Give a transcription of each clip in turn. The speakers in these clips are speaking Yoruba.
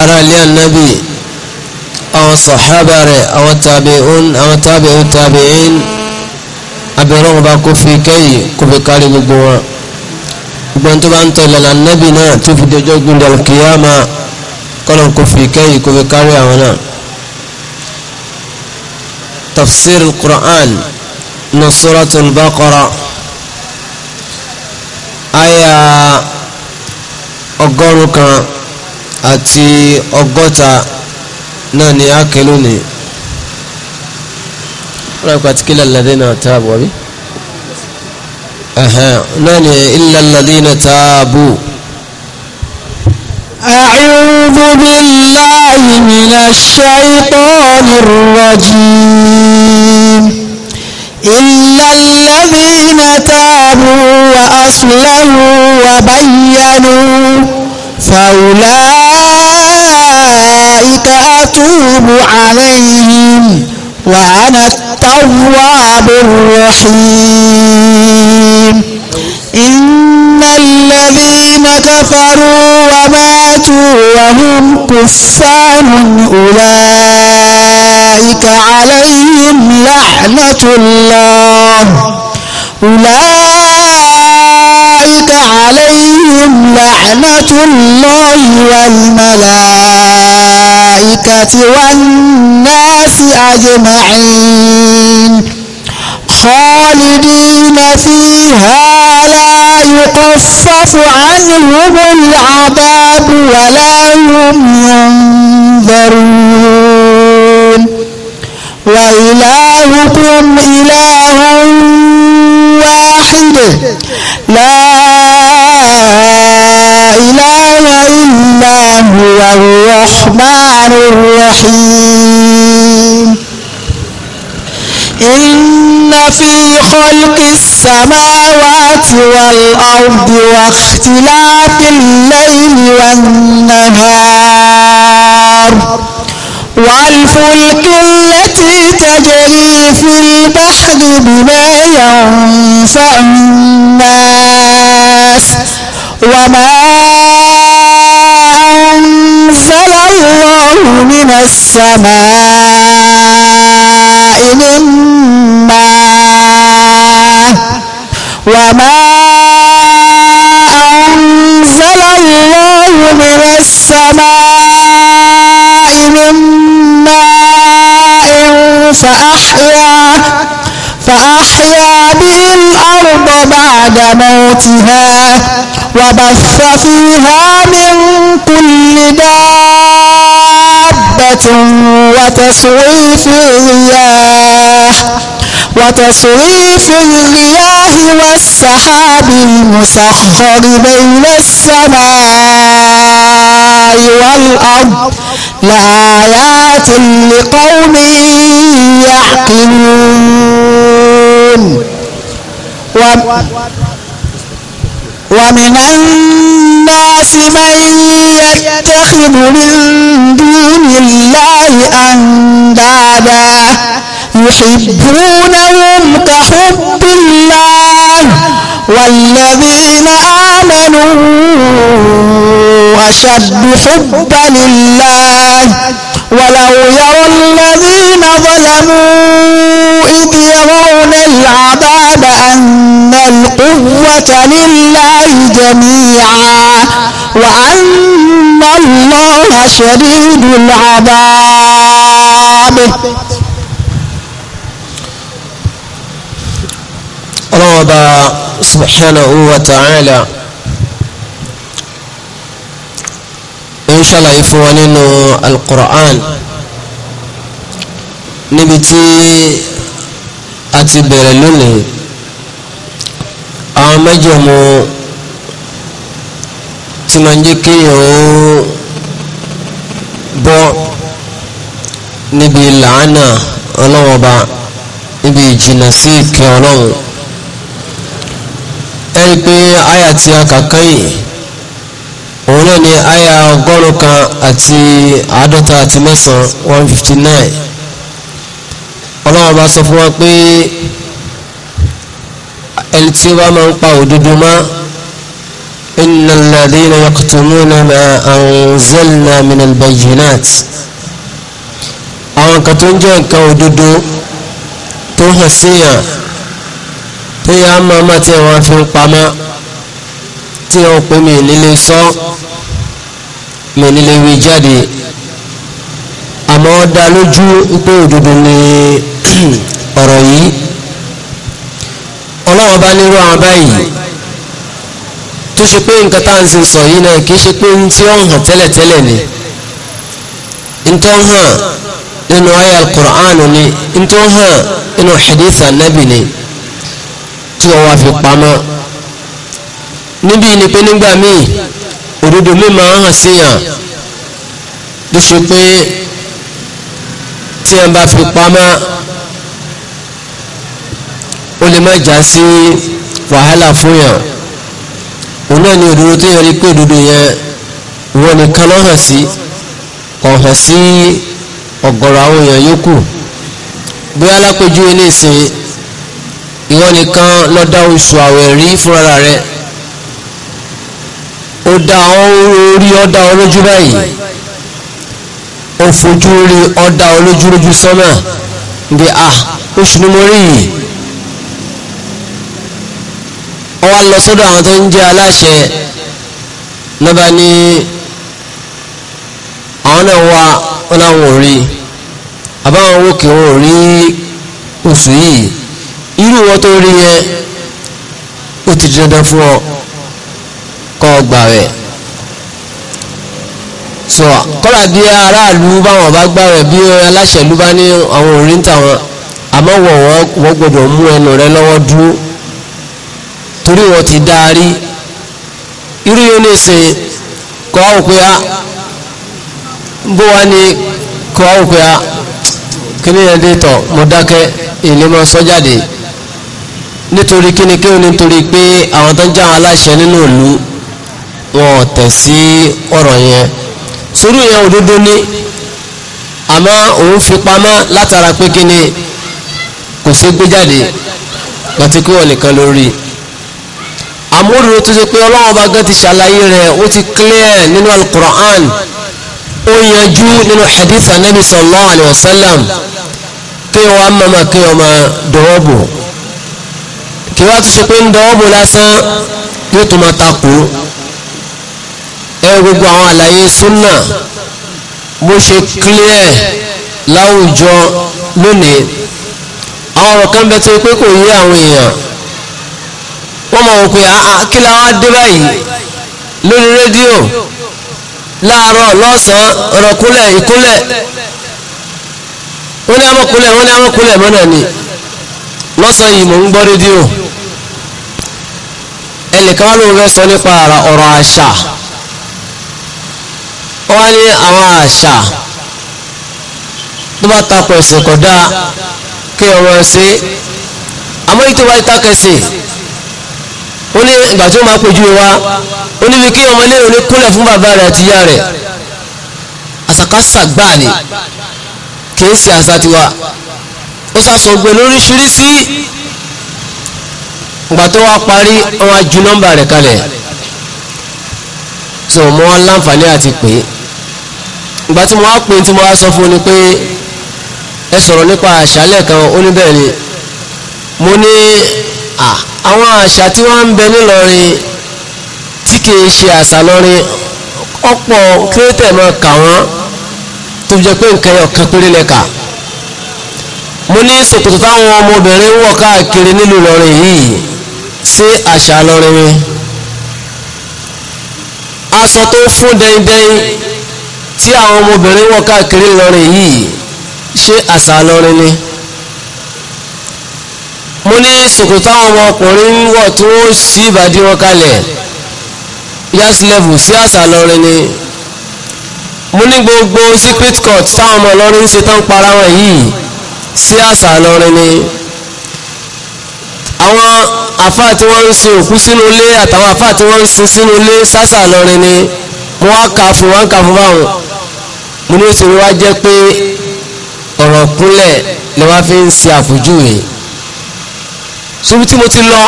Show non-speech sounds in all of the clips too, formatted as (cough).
ará ilé ànábì àwọn sàhábà rẹ̀ àwọn tabi'un àwọn tabi'u tabi'in abẹ́rẹ́ wọn bá kó fi kẹ́yì kó fi kárí gbogbo wọn gbogbo tó bá ń tọ̀ lọ́la ànábì náà tó fi dọjọ́ gbúdọ̀ kíyàmá kọ́lọ̀ kó fi kẹ́yì kó fi kárí àwọn náà tafsir quran ní suratul Baqara aya ọgọ́rùn kan àti ọgọ́ta náà ni a kẹ lónìí wọ́n rẹ̀ pàtí kí lẹ́lẹ́dẹ́ náà táàbù wọ́bí náà ni ìlẹ́lẹ́dẹ́ náà táàbù. أعوذ بالله من الشيطان الرجيم إلا الذين تابوا وأصلحوا وبينوا فأولئك أتوب عليهم وأنا التواب الرحيم إن الذين كفروا وماتوا وهم كفار أولئك عليهم لعنة الله أولئك عليهم لعنة الله والملائكة الملائكة والناس أجمعين خالدين فيها لا يخفف عنهم العذاب ولا هم ينذرون وإلهكم إله واحد الرحمن الرحيم إن في خلق السماوات والأرض واختلاف الليل والنهار والفلك التي تجري في البحر بما ينفع الناس وما الله من السماء من ماء وما أنزل الله من السماء من ماء فأحيا فأحيا به الأرض بعد موتها وبث فيها من كل دار وتصريف الرياح وتصريف الرياح والسحاب المسخر بين السماء والأرض لآيات لقوم يعقلون ومن الناس الناس من يتخذ من دون الله أندادا يحبونهم كحب الله والذين آمنوا أشد حبا لله ولو يرى الذين ظلموا إذ يرون العذاب أن والقوة لله جميعا وأن الله شديد العذاب رب سبحانه وتعالى إن شاء الله يفوانين القرآن نبتي أتبر لونه májẹ̀mú tí máa ń jẹ́ kéèyàn ó bọ́ níbi làánà ọlọ́run ọba níbi ìjìnà sí ìkẹ́ ọlọ́run ẹ rí pé àyà tí a kà kẹ́yìn òun náà ni àyà ọgọ́rùn kan àti àádọ́ta àti mẹ́sàn one fifty nine ọlọ́run ọba sọ fún wa pé ẹni tí ó bá máa ń pa òdodo mọ́ inna alladhina yaqtumuna ma anzalna min albayinat àwọn kan tó ń jẹ́ nǹkan òdodo tó hàn síyàn tó yá máa má tí wọ́n fi ń pamọ́ tí wọ́n pè mí nílé sọ́ mi nílé wí jáde àmọ́ dá lójú pé òdodo ni (clears throat) ọ̀rọ̀ yìí ọlọ́run ọba nírú àwọn báyìí tó ṣe pé nǹkan tá à ń sin sọ yìí náà kì í ṣe pé ní tí ó ń hàn tẹ́lẹ̀tẹ́lẹ̀ ni ntọ́ hàn nínú ayé alukur'an ni ntọ́ hàn nínú hadith nabi ni tí wọ́n wá fi pamọ́ níbi ni pé nígbà míì òdodo mi máa hàn síyàn tó ṣe pé tí wọ́n bá fi pamọ́ lè má já sí wàhálà fún yàn òun náà ni òdodo tó yẹ rí pé òdodo yẹn wọn nìkan ló hàn sí kò hàn sí ọ̀gọ̀rọ̀ àwọn èèyàn yòókù bóyá lápẹjú eléèsìn ìwọ nìkan ló dá oṣù àwẹ̀ rí fúnra rẹ ó dá orí ó olójú báyìí ó fojú rí ó olójú lójú sọ́mà ń bí a oṣù ni mo rí yìí ó wá lọ sọ́dọ̀ àwọn tó ń jẹ́ aláṣẹ lọ́ba ní àwọn náà wá wọn láwọn ò rí àbáwọn owó kì wọn ò rí oṣù yìí irú wọn tó rí yẹn ó ti dandan fún ọ kọ́ gbà rẹ̀ sọ kọ́lá bí aráàlú báwọn bá gbà rẹ̀ bí aláṣẹ̀lú bá ní àwọn òrí ń tàwọn àmọ́ wọ̀ wọ́n gbọ́dọ̀ mú ẹnu rẹ lọ́wọ́ dúró torí wọ́n ti dárí irú yóò ní sìn kọ́ àwọn pé a ah, bó wá ní kọ́ àwọn pé a ah, kíní yẹn dé tọ̀ mo dákẹ́ èlé mọ́ sọ́jáde nítorí kíni kí wọ́n nítorí pé àwọn tó ń já aláṣẹ nínú ìlú wọn tẹ̀ sí ọ̀rọ̀ yẹn sùúrù yẹn òdodo ní àmọ́ òun fi pamọ́ látara pé kíni kò sí gbé jáde pàtí kí wọ́n nìkan lórí àmúrò tó ṣe pé ọlọ́wọ́n bá gán ti ṣàlàyé rẹ̀ ó ti clear nínú alukur'an ó yanjú nínú hadith anabi sallallahu alayhi wa sallam kí wọ́n á mọ̀mọ́ kí wọ́n máa dọ̀wọ́ bò kí wọ́n á tún ṣe pé ń dọ̀wọ́ bò lásán yóò tún máa takò ẹ gbogbo àwọn àlàyé súnà bó ṣe clear láwùjọ lónìí àwọn ọ̀rọ̀ kan bẹ tó pé kò yé àwọn èèyàn wọ́n mọ̀ wọ́n pé kílá wá dé báyìí lórí rédíò láàárọ̀ lọ́sàn-án ọ̀rọ̀ kúnlẹ̀ ìkúnlẹ̀ wọ́n ní amọ̀kúnlẹ̀ wọ́n ní amọ̀kúnlẹ̀ mọ́nà ni lọ́sàn-án yìí mò ń gbọ́ rédíò ẹnìkan wá lóun fẹ́ sọ nípa ọ̀rọ̀ àṣà wọ́n ní àwọn àṣà tó bá takọ̀ ẹ̀sìn kódà kí ọmọ ṣe àmọ́ ètò wáyé takẹ̀sìn ó ní ìgbà tí ó máa pèjú wa ó níbi kí ọmọ ilé òní kúnlẹ̀ fún bàbá rẹ̀ àti ìyá rẹ̀ àsàkásà gbáà ni kìí ṣe àṣà tiwa ó sàsọ̀gbẹ̀ lóríṣiríṣi ìgbà tó wá parí wọn á ju rẹ̀ kalẹ̀ so mo wá láǹfààní àti pé ìgbà tí mo wá pè tí mo wá sọ fún ni pé ẹ sọ̀rọ̀ nípa àṣálẹ̀ kan ó mo ní à. Ah, àwọn àṣà tí wọ́n ń bẹ nílọrin tí kìí ṣe àṣà lọrin ọ̀pọ̀ kírétẹ̀ máa kà wọ́n tó jẹ́ pé nǹkan ẹ̀ ọ̀kan péré lẹ́ka mo ní ṣòkòtò táwọn ọmọbìnrin wọ̀ káàkiri nílùú lọrin yìí sí àṣà lọrin mi aṣọ tó fún dẹ́ndẹ́n tí àwọn ọmọbìnrin ń wọ̀ káàkiri lọrin yìí ṣé àṣà lọrin ni mo ní ṣòkòtò táwọn ọmọkùnrin ń wọ̀ tí wọ́n sí ìbàdí wọn kalẹ̀ yas level sí àṣà lọrin ni mo ní gbogbo secret court táwọn ọmọ lọrin ń ṣe tán para wọn yìí sí àṣà lọrin ni àwọn àfa tí wọ́n ń sin òkú sínú ilé àtàwọn àfa tí wọ́n ń sin sínú ilé sásà lọrin ni mo wá kà fún wọn kà fún báwọn mo ní ó ti wá jẹ́ pé ọ̀rọ̀ kúnlẹ̀ ni wọ́n fi ń ṣe àpèjúwe sobi tí mo ti lọ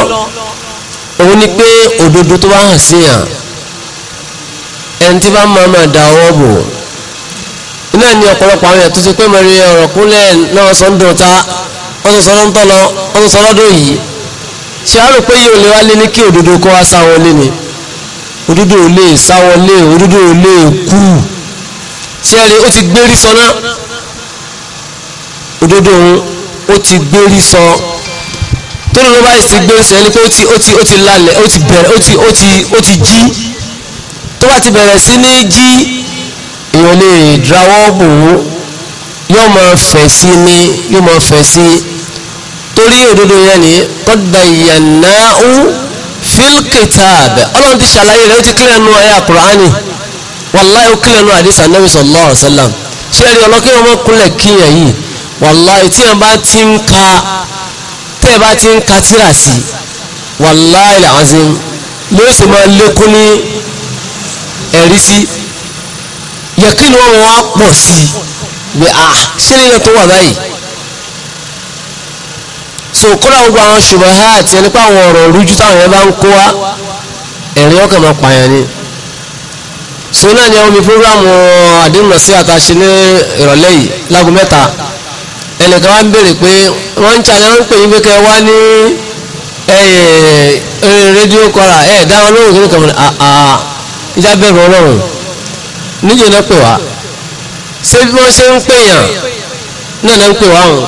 òun ni pé òdodo tó bá hàn síyàn ẹni tí bá máa máa da ọwọ́ bò iná ni ọ̀pọ̀lọpọ̀ àwọn èèyàn tó ti pé mẹ́rin ọ̀rọ̀ kúnlẹ̀ náà sọ ń dùn ta wọ́n tún sọ lọ́ńtọ́ lọ wọ́n tún sọ lọ́dọ̀ yìí ṣé a rò pé yìí ò lè wá lé ní kí òdodo kọ́ wá sáwọn lé ni òdodo ò lè sáwọn lé òdodo ò lè kú ṣé ẹ rí ó ti gbérí sọ náà òdodo òun ó ti gbérí sọ. So tó ló bá ti gbé ń sẹ́ ni pé ó ti ó ti ó ti lálẹ̀ ó ti bẹ̀rẹ̀ ó ti ó ti ó ti jí tó bá ti bẹ̀rẹ̀ sí ní jí èèyàn lè drawọ́ bò ó yóò máa fẹ̀ sí ni yóò máa fẹ̀ sí torí òdodo yẹn ni qad bayyanahu fil kitab ọlọ́run ti ṣàlàyé rẹ̀ ó ti kílẹ̀ nu ayé àkùránì wàláyé ó kílẹ̀ nu àdìsá nàbì sallallahu alaihi ṣé ẹ̀rí ọlọ́kẹ́ wọn kíyàn yìí wàláyé tí wọn bá ti ń ka tẹ́ bá ti ń ka tíra sí wàláì làwọn ló sì máa lékún ní ẹ̀rí sí yẹ̀kínú wọn wá pọ̀ sí i bí a ṣe lè yẹ tó wà báyìí so kóra gbogbo àwọn ṣùgbọ́n àti ẹni pé àwọn ọ̀rọ̀ rújú táwọn yẹn bá ń kó wa ẹ̀rí ọkàn máa pààyàn ni so náà ni àwọn omi fúnra mu àdéhùn lọ sí àtàṣe ní ìrọ̀lẹ́ yìí láago mẹ́ta ẹnìkan wá ń béèrè pé wọ́n ń challenge wọ́n ń pè yín pé kẹ́ wá ní rédíò kọ́ra ẹ̀ dáhùn lóhùn kí ni kàn án ah, ah, ìjà bẹ̀rù ọlọ́run níjẹ́ náà pè wá ṣé bí wọ́n ṣe ń pè yàn náà náà ń pè wá hàn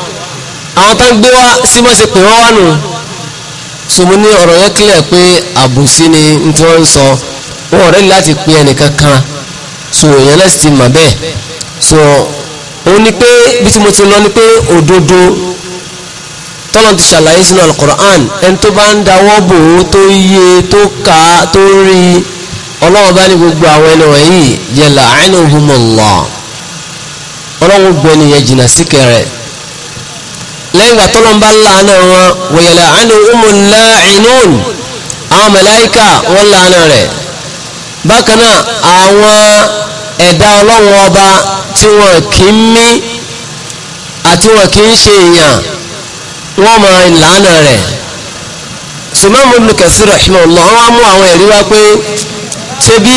àwọn tó ń gbé wá sí mọ́ ṣe pè wọ́n wá nù sọmọ ní ọ̀rọ̀ yẹn kílẹ̀ pé àbùsí ni n tí wọ́n ń sọ wọn ọ̀rẹ́ láti pe ẹnìkan kan so èèyàn náà mà bẹ́ẹ̀ so òun ni pé bí tí mo ti lọ ni pé òdodo tọ́lọ́n ti ṣàlàyé sínú alukur'an ẹni tó bá ń dáwọ́ bò ó tó yé tó kà á tó rí ọlọ́wọ́ bá ní gbogbo àwọn ẹni wọ̀nyí yẹlẹ àìníhùnmọ̀lọ́ ọlọ́wọ́ gbọ́ ẹnìyẹn jìnnà síkẹrẹ lẹ́yìn ìgbà tọ́lọ́n bá lànà wọn wọ̀yẹlẹ àìníhùnmọ̀lọ́ àìníhùn àwọn mẹ̀láìkà wọ́n lànà rẹ̀ bákan náà àwọn ẹ̀dá ọlọ́wọ́ ọba tí wọn kì í mí àti wọn kì í ṣe èèyàn wọn mọ ìlànà rẹ̀ sùmọ́mù Ibn Kathir rahimahullah wọn mú àwọn ẹ̀rí wá pé ṣe bí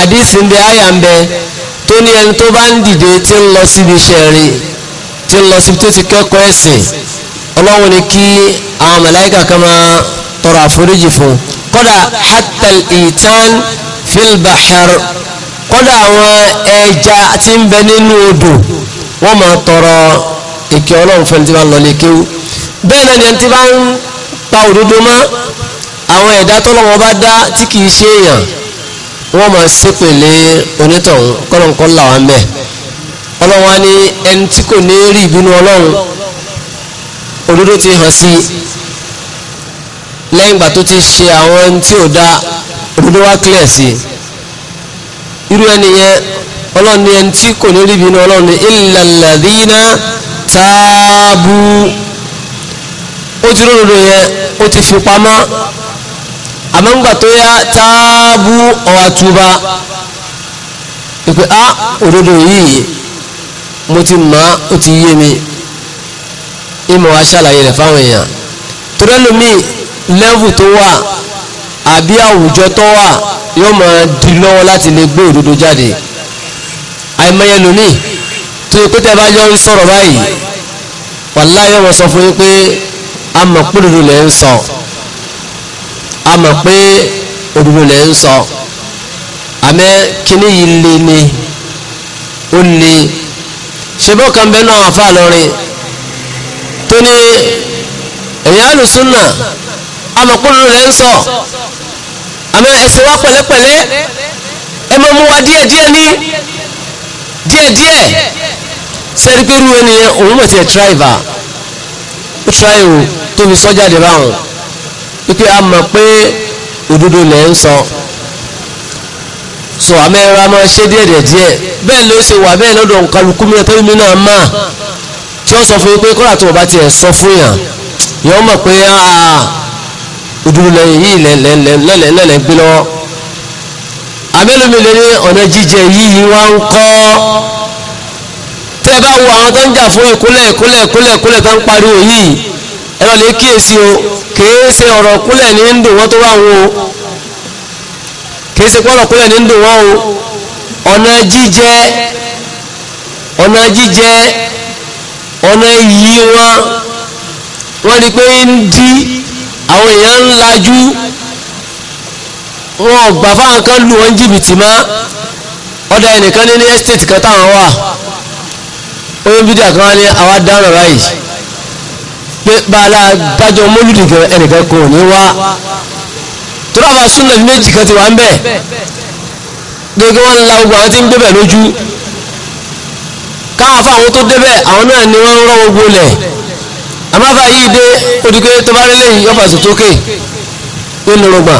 àdìsí ń bẹ àyà ń bẹ tó ní ẹni tó bá ń dìde tí ń lọ síbi iṣẹ́ rí tí ń lọ síbi tó ti kẹ́kọ̀ọ́ ẹ̀sìn ọlọ́run ni kí àwọn màláíkà kan máa tọrọ àforíjì fún kódà hatal itan filbahar kódà àwọn ẹja tí ń bẹ nínú odò wọ́n máa tọrọ ìkẹ́ ọlọ́run fẹ́ni tí bá lọ lè kéwú bẹ́ẹ̀ náà ni ẹni tí bá ń pa òdodo mọ́ àwọn ẹ̀dá tọ́lọ́wọ́ bá dá tí kìí ṣe èèyàn wọ́n máa ṣépèlé onítọ̀hún kọ́lọ́nkọ́ làwọn ń bẹ̀ ọlọ́run wa ní ẹni tí kò ní rí ìbínú ọlọ́run òdodo ti hàn sí lẹ́yìn ìgbà tó ti ṣe àwọn tí ò dá òdodo wá clear sí i irú ẹni yẹn ọlọ́run ní ẹni tí kò ní rí bínú ọlọ́run ní ìlàlàdínà táàbù ó ti ròdòdò yẹn ó ti fi pamọ́ àmọ́ ńgbà tó yá táàbù ọ̀wà túba ìpè á òdodo yìí mo ti mọ̀ ó ti yé mi ìmọ̀ wa ṣàlàyé rẹ̀ fáwọn èèyàn torí ẹlòmíì lẹ́wù tó wà àbí àwùjọ tó wà yóò máa di lọ́wọ́ láti lè gbé òdodo jáde àìmọye lónìí tó yẹ pé tẹ́ bá yọ ń sọ̀rọ̀ báyìí wàláhì yóò máa sọ fún yín pé a òdodo lẹ̀ ń sọ a òdodo lẹ̀ ń sọ àmẹ́ kíní yìí le ni ó le ṣe bó kan bẹ́ẹ̀ náà àfa lọ́rin tó ní ẹ̀yìn alùsùn náà a òdodo lẹ̀ ń sọ àmọ́ ẹsẹ̀ wa pẹ̀lẹ́pẹ̀lẹ́ ẹ máa mú wa díẹ̀díẹ̀ ní díẹ̀díẹ̀ sẹ́ni pé irú ẹnìyẹn òun mọ̀ tiẹ̀ tíráìvà ó tíráì o tó fi sọ́jáde báwọn wípé a mọ̀ pé òdodo lẹ̀ ń sọ so amẹ́ra máa ṣe díẹ̀díẹ̀ bẹ́ẹ̀ ló ṣe wà bẹ́ẹ̀ lọ́dọ̀ kálukú mi ẹ̀tọ́ mi náà máa tí ó sọ fún yín pé kọ́lá ìdúró lẹ́yìn yìí lẹ́lẹ́lẹ́lẹ́ gbé lọ́wọ́ abẹ́lómi lè ní ọ̀nà jíjẹ yìí wá ń kọ́ tẹ́ bá wo àwọn tó ń jà fún ìkúnlẹ̀ ìkúnlẹ̀ ìkúnlẹ̀ ìkúnlẹ̀ tó ń pariwo yìí ẹ̀rọ lè kíyèsí o kìí ṣe ọ̀rọ̀ kúnlẹ̀ ní ń dùn wọ́n tó wà wọn o kìí ṣe pọ́nrọ̀ kúnlẹ̀ ní ń dùn wọ́n o ọ̀nà jíjẹ ọ̀nà jíjẹ ọ̀nà yìí wọn wọ́n ní pé ń dí àwọn èèyàn ń lajú wọn ò gbà fáwọn kan lù wọn jìbìtì mọ́ ọ̀dọ̀ ẹnìkan ní ní estate kan táwọn wà oyún bídíà kan wá ní àwa dáràn báyìí pé bàálà dájọ́ mólúdì gan ẹnìkan kò ní wá torí àwọn súnà méjì kan ti wà ń bẹ̀ gbogbo wọn la gbogbo àwọn tí ń débẹ̀ lójú káwọn fáwọn tó débẹ̀ àwọn náà ni wọ́n ń rọ́ gbogbo lẹ̀ àmáfà yìí dé odùgbé tó bá rí lẹ́yìn yọ́fà sòtókè ó lọ́rọ̀ gbà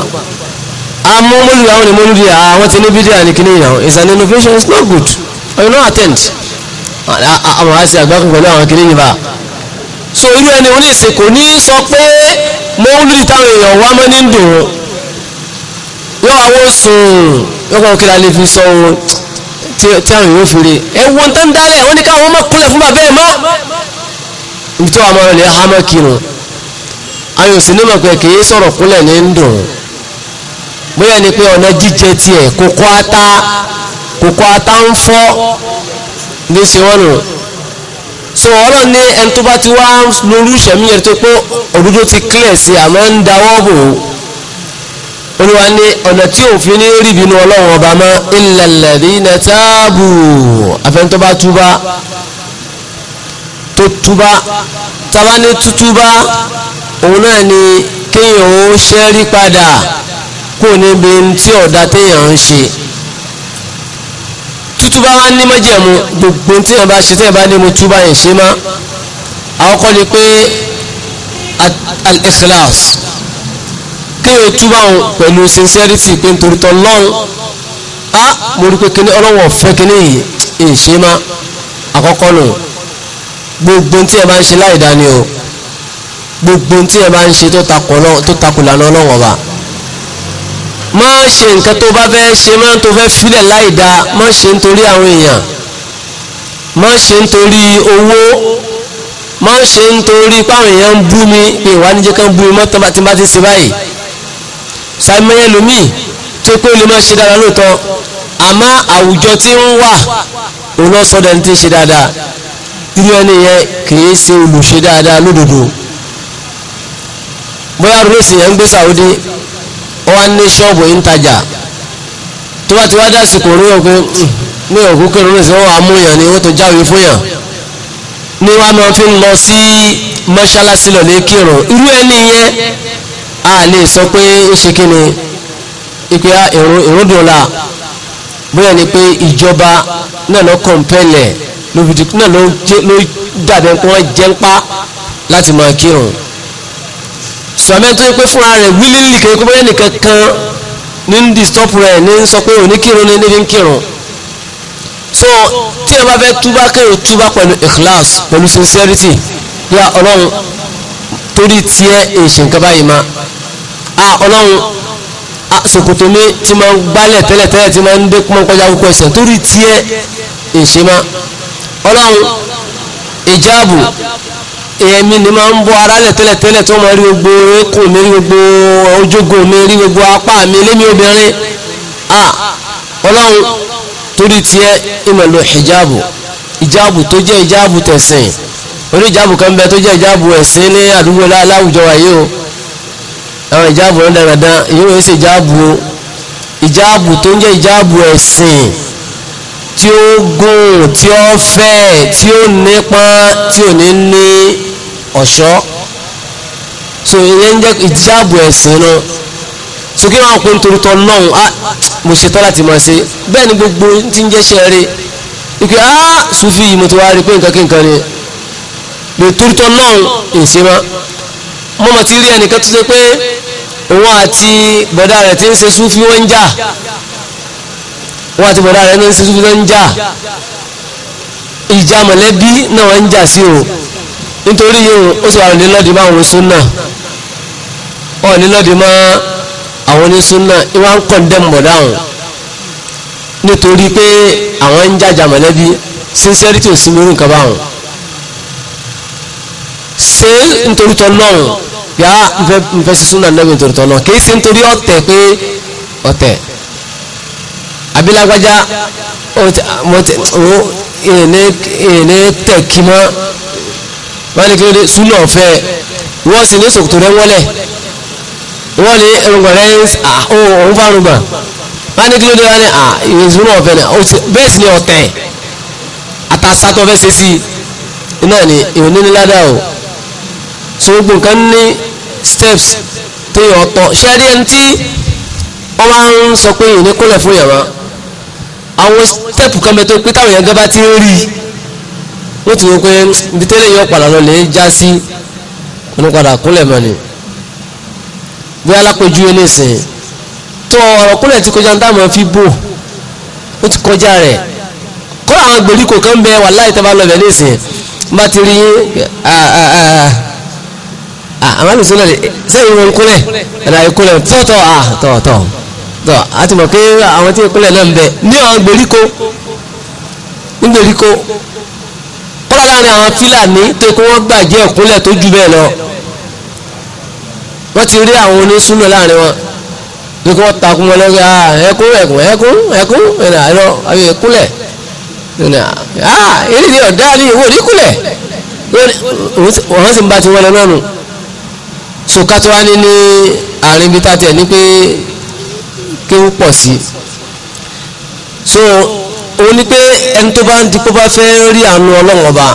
amúmúlù àwọn ni múlù díà àwọn ti ní bídíà ní kíní ìnáwó is an innovation is not good or you no attend àwọn àti àgbákùn pẹ̀lú àwọn kíní yìí bá so irú ẹni wọn lè ṣe kò ní sọ pé múlù táwọn èèyàn wá mọ́ ní ń dùn yọ àwọn sùn yọkọ̀ kíra lè fi sọ ohun tí àwọn èèyàn fi rè ẹ̀wọ̀n tó ń dálẹ̀ wọ́n ní káwọn ọmọ kúnlẹ̀ fún bàbá ẹ̀ mọ́ njẹ wàá lè hámọ́ kírun ayò sì ní mọ̀pẹ́ kì sọ̀rọ̀ kúnlẹ̀ ní ń bóyá ni pé ọ̀nà jíjẹ tiẹ̀ kókó ata kókó ata ń fọ́ ní ṣe so ọlọ́run ní ẹni tó bá ti wá lórí ìṣẹ̀mí yẹn tó pé òdodo ti clear sí àmọ́ ń dáwọ́ bò ó olúwa ní ọ̀nà tí òfin ní rí ọlọ́run ọba mọ́ illa alladhina tabu àfẹ́ntọ́ bá túbá tó túbá tábà ní tútúbá òun náà ni kéèyàn ó ṣẹ́rí padà kó níbi tí ọ̀dà téèyàn ń ṣe tútúbá wá ní májẹ̀mú gbogbo téèyàn bá ṣe téèyàn bá ní mo túbá yẹn ṣe má àwọn kọ́ ni pé al kéèyàn túbá òun pẹ̀lú sincerity pé nítorí tọ́ lọ́run á mo rí pé kíní ọlọ́wọ́ fẹ́ kíní yìí ìṣe má àkọ́kọ́ nù gbogbo tí ẹ bá ń ṣe láì dání o gbogbo tí ẹ bá ń ṣe tó takò lànà ọlọ́wọ́n ọba má ṣe nǹkan tó bá fẹ́ ṣe má tó fẹ́ filẹ̀ láì dá má ṣe nítorí àwọn èèyàn má ṣe nítorí owó má ṣe nítorí páwọn èèyàn ń bú mi pé ìwà níjẹ́ kan bú mi mọ́ tọ́ba tí bá ti ṣe báyìí ṣàmìyẹ lómi tó pé olè má ṣe dára lóòótọ́ àmọ́ àwùjọ tí ń wà òun lọ sọ́dọ̀ ẹni tí ń ṣe dáadáa irú ẹni yẹn kìí ṣe olùṣe dáadáa lódodo bóyá rúlẹ̀sì yẹn ń gbé sàwọ́dí ó wá ní ṣọ́ọ̀bù yìí ń tajà tó bá ti wá dásìkò rí wọn ní òkú kí rúlẹ̀sì wọn wà mú yàn ni wọn tó jáwèé fún yàn ni wọn máa fi ń lọ sí mọ́ṣáláṣí lọ lè kírun irú ẹni yẹn a lè sọ pé ń ṣe kí ni ìpè ah, ìrúdùn la bóyá ni pé ìjọba náà lọ kọ̀ǹpẹ́lẹ̀ lóbìdì náà ló dàbẹ̀ kí wọ́n jẹ́ ń pa láti máa kírun sọ̀mẹ́ntó yẹ pé fúnra rẹ̀ wílílì kẹ́ pé bóyá nìkan kan ní ń dìstọ́pù rẹ̀ ní ń sọ pé òní kírun ní níbi ń kírun so tí ẹ bá fẹ́ túbá kéwòn túbá pẹ̀lú ikhlas pẹ̀lú sincerity yá ọlọ́run torí tiẹ̀ èsì nǹkan ma a ọlọ́run a ṣòkòtò mi ti máa ń gbálẹ̀ tẹ́lẹ̀ tẹ́lẹ̀ ti máa ń dé kọ́jà púpọ̀ ẹ̀sẹ̀ torí tiẹ̀ èsì ọlọ́run ìjáàbù èmi ni máa ń bọ́ aráàlẹ̀ tẹ́lẹ̀tẹ́lẹ̀ tó máa rí gbogbo eékún mi rí gbogbo ojúgun mi rí gbogbo apá mi lémi obìnrin ọlọ́run torí tiẹ̀ ìmọ̀lò ìjáàbù ìjáàbù tó jẹ́ ìjáàbù tẹ̀sìn orí ìjáàbù kan bẹ tó jẹ́ ìjáàbù ẹ̀sìn ní àdúgbò láwùjọ wáyé o àwọn ìjáàbù náà dáradára ìyóò ṣe ìjáàbù ìjáàbù tó ń jẹ́ ìjáàbù ẹ̀sìn tí ó gùn tí ó fẹ̀ tí ó nípọn tí ò ní ní ọ̀ṣọ́ so ìyẹn ń jẹ́ ìjáàbù ẹ̀sìn náà so kí wọ́n á pín torítọ lọ́hùn á ah, mo ṣe tán láti máa ṣe bẹ́ẹ̀ ni gbogbo tí ń jẹ́ ṣe rí ike á sùfì yìí mo ti wá rí pé nǹkan kí nǹkan ni lè torítọ lọ́hùn èsì má mo mọ̀ ti rí ẹnìkan tó ṣe pé òun àti bọ̀dá rẹ̀ ti ń ṣe sùfì wọ́n ń jà wọ́n àti bọ̀dá rẹ̀ ní ń sísú náà ń jà ìjà mọ̀lẹ́bí náà wọ́n ń jà sí o nítorí yìí ó sì wà ní lọ́dí máa wọn súnà ọ̀ ní lọ́dí máa àwọn onísúnà ìwà ń kọ̀ndẹ́m bọ̀dá wọn nítorí pé àwọn ń jàjà mọ̀lẹ́bí sincerity ò sí mú nǹkan báwọn ṣé nítorí tọ́lọ́run yá ń fẹ́ sísúnà lẹ́gbẹ̀ẹ́ nítorí tọ́lọ́run kì í ṣe nítorí ọ̀tẹ̀ pé ọ̀tẹ̀ abilagbadza ìní tẹ̀kímọ́ wọ́n ní kí ló dé súnà ọ̀fẹ́ wọ́n sì ní sòkòtò rẹ̀ wọ́lẹ̀ wọ́n ní ẹ̀rùngbọ̀n rẹ̀ ń fa rùgbà wọ́n ní kí ló dé wọ́n ní ìwé súnà ọ̀fẹ́ náà bẹ́ẹ̀ sì ni ọ̀tẹ̀ àtàsátọ̀ fẹ́ sí i ni ìwé níní ládà o so gbogbo ní steps tó yọ ọ̀tọ̀ ṣẹ́ẹ́dí ẹni tí wọ́n máa ń sọ pé ìníkúnlẹ̀ fún yàrá àwọn stẹ́pù kan bẹ tó pé táwọn èèyàn gan bá ti ń rí wọ́n ti wọ́n pé ibi tẹ́lẹ̀ yọ padà lọ lè já sí onípadà kúnlẹ̀ mọ́ ni bí alápèjú eléṣìn tó ọ̀rọ̀ kúnlẹ̀ ti kọjá dáàmú fi bò ó ti kọjá rẹ̀ kọ́ àwọn gbèríko kan bẹ wà láì tẹ́ bá lọ bẹ̀ léṣìn bá ti rí àwọn àlùsọ́lẹ̀ sẹ́yìn wọn kúnlẹ̀ ẹ̀rọ àìkúnlẹ̀ tọ́tọ̀ à tọ̀tọ̀ tọ́ a ti mọ̀ pé àwọn tí ìpínlẹ̀ náà ń bẹ ní àwọn gbèríko ní gbèríko kọ́lá láàrin àwọn fílàní tó kó wọ́n gbàjẹ́ ìkúnlẹ̀ tó ju bẹ́ẹ̀ lọ wọ́n ti rí àwọn onísúnà láàrin wọn tó kó wọ́n takun wọn lọ́gbẹ́ ah, ẹkún ẹkún ẹkún ẹkún ẹ̀rọ àìrọ àwọn ìkúnlẹ̀ eré ni ọ̀dá ni ìwọ oníkúnlẹ̀ wọ́n sì ń bá ti wọlé náà nù sùkátọ́ wá ní ní àárín bíi tá a tẹ̀ ní pé kéwú pọ̀ sí so òun ni pé ẹni tó bá ń di kó bá fẹ́ rí àánú ọlọ́run ọba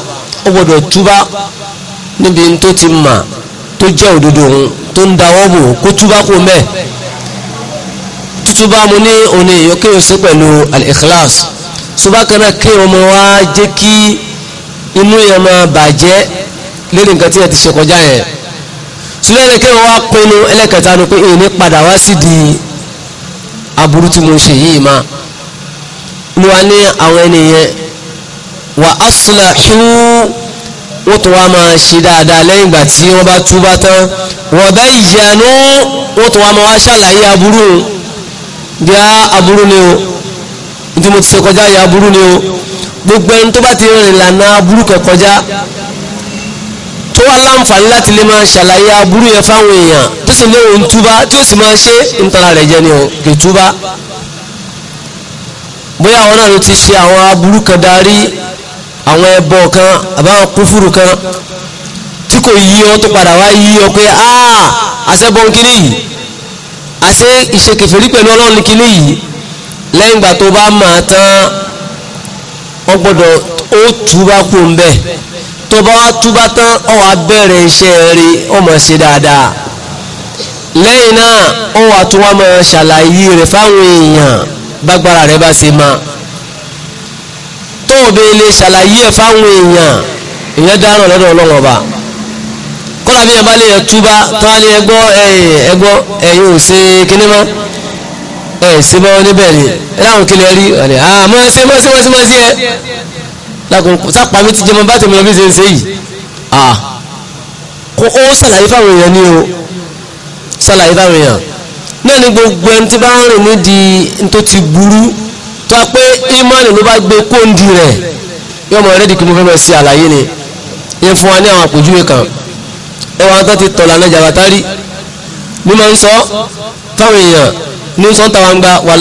ó gbọ́dọ̀ túbá níbi tó ti mà tó jẹ́ òdodo òun tó ń dawọ́ bò kó túbá kó mẹ́ẹ̀ túbá mo ní òní ìyókèyàn sí pẹ̀lú al-ikhlas subákan náà kí jẹ́ kí inú yẹn máa bàjẹ́ lórí nǹkan tí yẹn ti ṣe kọjá yẹn sùlẹ́ni kí wọ́n wá pinnu ẹlẹ́kẹta ni pé èyí ní padà wá sí di aburú tí mo ń ṣe yìí ma ló wá ní àwọn ènìyàn wà aslahu wọ́n tún wá máa ṣe dáadáa lẹ́yìn ìgbà tí wọ́n bá túbá tán wọ́n bá ìyànú wọ́n tún wá máa wá ṣàlàyé aburú bí a aburú ni o nítorí mo ti ṣe kọjá yà aburú ni o gbogbo ẹni tó bá ti rìn lànà aburú kan kọjá tó wá láǹfààní láti lè máa ṣàlàyé aburú yẹn fáwọn èèyàn tó sì lé òun túbá tí ó sì máa ṣe ń tara rẹ̀ jẹ ni o kì í túbá bóyá àwọn náà ló ti ṣe àwọn aburú kan darí àwọn ẹbọ kan àbáwọn kúfúrú kan tí kò yí ọ tó padà wá yí ọ pé aaa àṣẹ bọ́ńkìrì yìí àṣẹ ìṣèkèfèrí pẹ̀lú ọlọ́run ní yìí lẹ́yìn ìgbà tó bá máa tán wọ́n gbọ́dọ̀ ó túbá kú ń bẹ́ẹ̀ tó bá wá túbá tán ọ wá bẹ̀rẹ̀ iṣẹ́ rí ọ mọ̀ ṣe dáadáa lẹ́yìn náà ọ wá tún wá máa ṣàlàyé rẹ̀ fáwọn èèyàn bágbára rẹ̀ bá ṣe máa tó o bẹ lè ṣàlàyé ẹ̀ fáwọn èèyàn ìyẹn dáràn lọ́dọ̀ ọlọ́wọ́n ọba kódà bí ẹ bá lè yẹ túbá tó wá ní ẹgbọ́ ẹgbọ́ ẹ̀yin ò ṣe kíní mọ́ ẹ̀ ṣe mọ́ níbẹ̀ ni láwọn kìlẹ̀ rí ọ̀nì àmọ́ ṣe mọ́ ṣe mọ́ ṣe mọ́ ṣe ẹ lákòókò sápá mi ti jẹ́ mọ́ bá tèmi lọ bí ṣe ń ṣe yìí à kó ó ṣàlàyé fáwọn èèyàn ní o ṣàlàyé fáwọn èèyàn náà ni gbogbo ẹni tí bá ń rìn nídìí tó ti burú tó a pé ìmọ̀ọ́nì ló bá gbé kóńdì rẹ̀ yóò mọ̀ rẹ́dìkì mo fẹ́ mọ̀ sí àlàyé ni yẹn fún wa ní àwọn àpèjúwe kan ẹ wá tó ti tọ̀là náà jàbátá rí mi máa ń sọ fáwọn èèyàn ní sọ́ńtà wa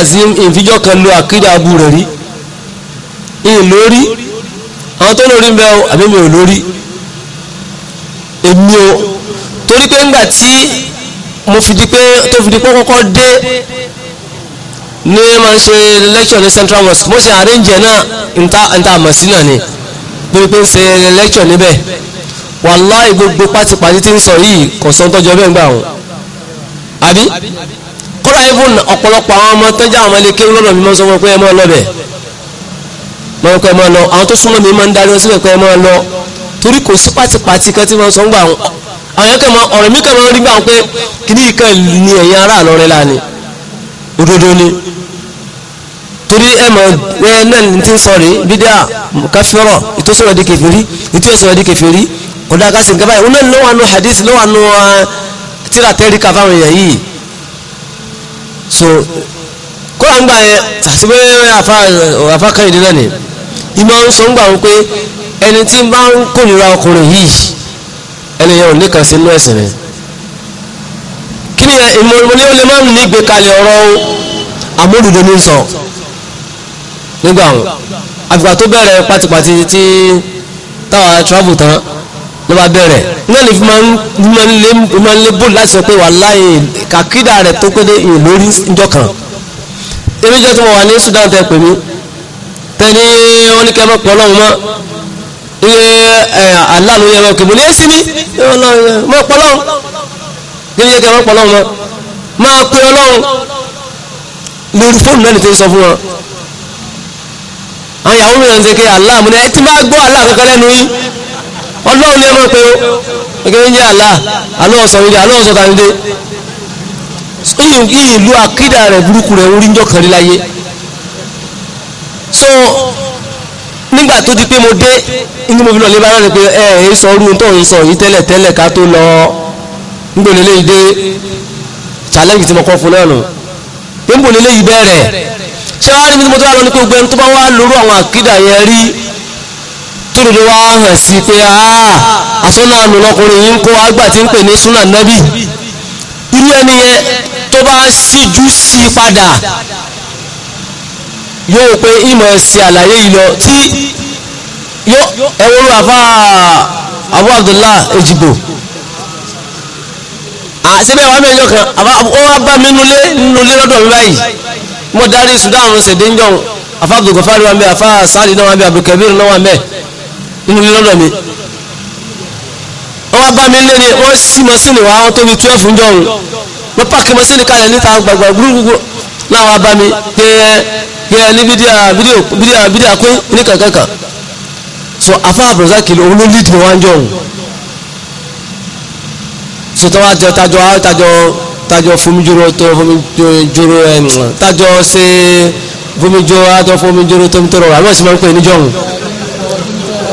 azim ìfijọ́ kan lo àkídà abu rẹ̀ rí ìlórí àwọn tó lórí ń bẹ o àbí mi ò lórí èmi o torí pé ńgbà tí mo fi di pé tó fi di pé kọ́kọ́ dé ní ma ń ṣe lecture ní central mosque mo ṣe àríǹjẹ náà nta nta àmọ̀sí náà ni mo rí pé ń ṣe lecture níbẹ̀ wàláì gbogbo pátipàti tí ń sọ yìí kò sọ tọ́jọ́ bẹ́ẹ̀ gbà wọn àbí kódà even ọ̀pọ̀lọpọ̀ àwọn ọmọ tẹ́jà ọmọ ilé kéwú lọ́dọ̀ mi máa ń pé ẹ máa lọ bẹ́ẹ̀ máa ń kọ́ ẹ máa lọ àwọn tó súnmọ́ mi máa ń darí wọn síbẹ̀ pé ẹ máa lọ torí kò sí pàtìpàtì kan tí wọ́n sọ ń gbà wọn àwọn yẹn kẹ́ mọ ọ̀rọ̀ mi kẹ́ mọ rí gbà wọn pé kìíní ìkan ni ẹ̀yin ará àlọ́rẹ́ lánìí òdodo ni torí ẹ mọ ẹ náà ní ti ń sọ rèé bídíà káfíọ́rọ̀ ìtòsọ̀rọ̀ di kèfèrí ìtòsọ̀rọ̀ di kèfèrí ọ̀dà kásì nǹkan báyìí onáà ló wà nù hadith ló wà nù tíra tẹ́rí ká fáwọn yìí so kó à ń gbà yẹn àti pé àfa àfa kẹ́yìn ìmọ̀ ń sọ ń gbà ń pé ẹni tí ń bá ń kórìíra ọkùnrin yìí ẹni yẹn ò ní kàn sí inú ẹ̀sìn rẹ̀ kí ni ìmọ̀lẹ́mọ̀ ní ó lè má ní ìgbékalẹ̀ ọ̀rọ̀ amóhùndòdò ní sọ nígbà wọn àfìgbà tó bẹ̀rẹ̀ pátipàti tí táwa travel tán ló bá bẹ̀rẹ̀ náà ní fi máa ń lé bóòlù láti sọ pé wàláhì kàkídà rẹ̀ tó pé dé ìlórí ìjọ kan ebi jẹ́ tí mo wà ní Sudan tẹ́ pè mí ẹni wọn ní kẹ́ mọ́ pọ̀ lọ́wọ́ mọ́ iye aláàlú yẹ wọn kìbò ní èsì mi mọ́ pọ̀ lọ́wọ́ kí ni yẹ kẹ́ mọ́ pọ̀ lọ́wọ́ mọ́ pe ọlọ́run lórí fóònù náà ní fi sọ fún wọn àwọn ìyàwó mìíràn ṣe kí Allah mo ní ẹ ti máa gbọ́ Allah kankan lẹ́nu yín ọlọ́run ni ẹ máa pe o gẹ́gẹ́ ń jẹ́ Allah alóòsàn mi dé alóòsàn tàbí dé ìlú àkídà rẹ̀ burúkú rẹ̀ orí ń jọ kàn rí láyé. so nígbà tó di pé mo dé ní mo fi lọ lébàá náà pé ẹ ẹ sọ orú tó ń sọ yìí tẹ́lẹ̀ tẹ́lẹ̀ ká tó lọ ngbòlè lè dé challenge tí mo kọ́ fún náà nù pé ngbòlè lè bẹ̀rẹ̀ ṣé wàá rí mi tí mo tó wà lọ ní pé gbogbo tó bá wà lóru àwọn àkídà yẹn rí tódodo wa hàn sí pé àsọ́nà àmì yìí ń kó àgbà tí ń pè yóò pé ìmọ̀ sí àlàyé yìí lọ tí yóò ẹwọ́rú àfá Abu Abdullah Ejigbo àṣíbẹ̀ wà mẹ́jọ kan ó wá bá mi nulé nulé lọ́dọ̀ mi báyìí mo darí Sudan ọ̀run ṣèdè ń jọun àfá Abdulgafari wà mẹ́ àfá sáàlì náà wà mẹ́ Abdulkabir náà wà mẹ́ nulé lọ́dọ̀ mi ó wá bá mi lé ní wọ́n sí mọ́sínì wà wọ́n tóbi twelve ń jọun mo pàkì mọ́sínì kalẹ̀ níta gbàgbà gbúrúgbúrú náà wà bá mi pé ẹ́ pé ẹni bídíà bídíà bídíà pé ní kankankan so afa abdulrasa kìlọ òun ló lead mi wá jọ òun so tó wá jọ tájọ tájọ tájọ fomijoro tó fomijoro ẹn tájọ ṣe fomijoro àjọ fomijoro tó ń tọrọ àbí wọ́n sì máa ń pè níjọ òun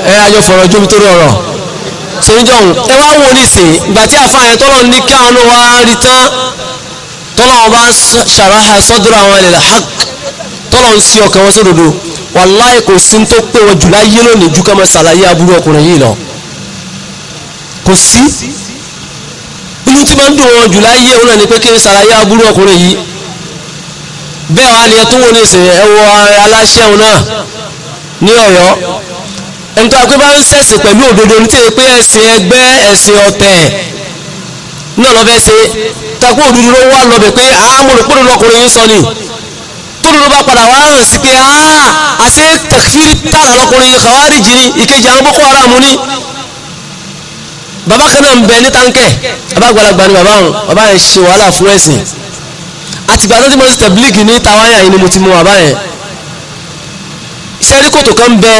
ẹ àjọ fọ̀rọ̀ jómi tó rọrọ̀ so níjọ òun ẹ wá wò nísìnyí ìgbà tí afa yẹn tọ́lọ̀ ní kí àwọn wa rí tán tọ́lọ̀ wọn bá ṣàrà sọ́dúrà wọn lè hàk tọ́lọ̀ ń fi ọkàn wọn sódodo wàláì kò sí tó pé wọn jù láyé lónìí ju ká máa ṣàlàyé aburú ọkùnrin yìí lọ kò sí inú tí máa ń dùn wọn jù láyé òun ni pé kí n ṣàlàyé aburú ọkùnrin yìí bẹ́ẹ̀ wá ni ẹ tó wọn ní sìn ẹ wọ aláṣẹ òun náà ní ọ̀yọ́ ẹnitọ́ àgbẹ̀ bá ń ṣẹ̀sìn pẹ̀lú òdodo ní tẹ̀lé pé ẹ̀sìn ẹgbẹ́ ẹ̀sìn ọ̀tẹ̀ náà lọ́fẹ́ ṣe takú òdodo wà lọ́bẹ̀ pé àmúlò kúrò yìí sọ ni tódodo bá padà wá hàn sí pé ah, a ṣe takfiri tààrà lọkùnrin khawariji ni ìkejì àwọn boko haram ni baba kan náà ń bẹ ní táǹkẹ̀ baba àgbàlagbà ni baba àwọn baba yẹn ṣe wàhálà fún ẹ̀sìn àtìgbà tó ti mọ sí tẹ̀blíkì ní tawáyà yìí ni mo ti mú baba yẹn iṣẹ́ rí kòtò kan bẹ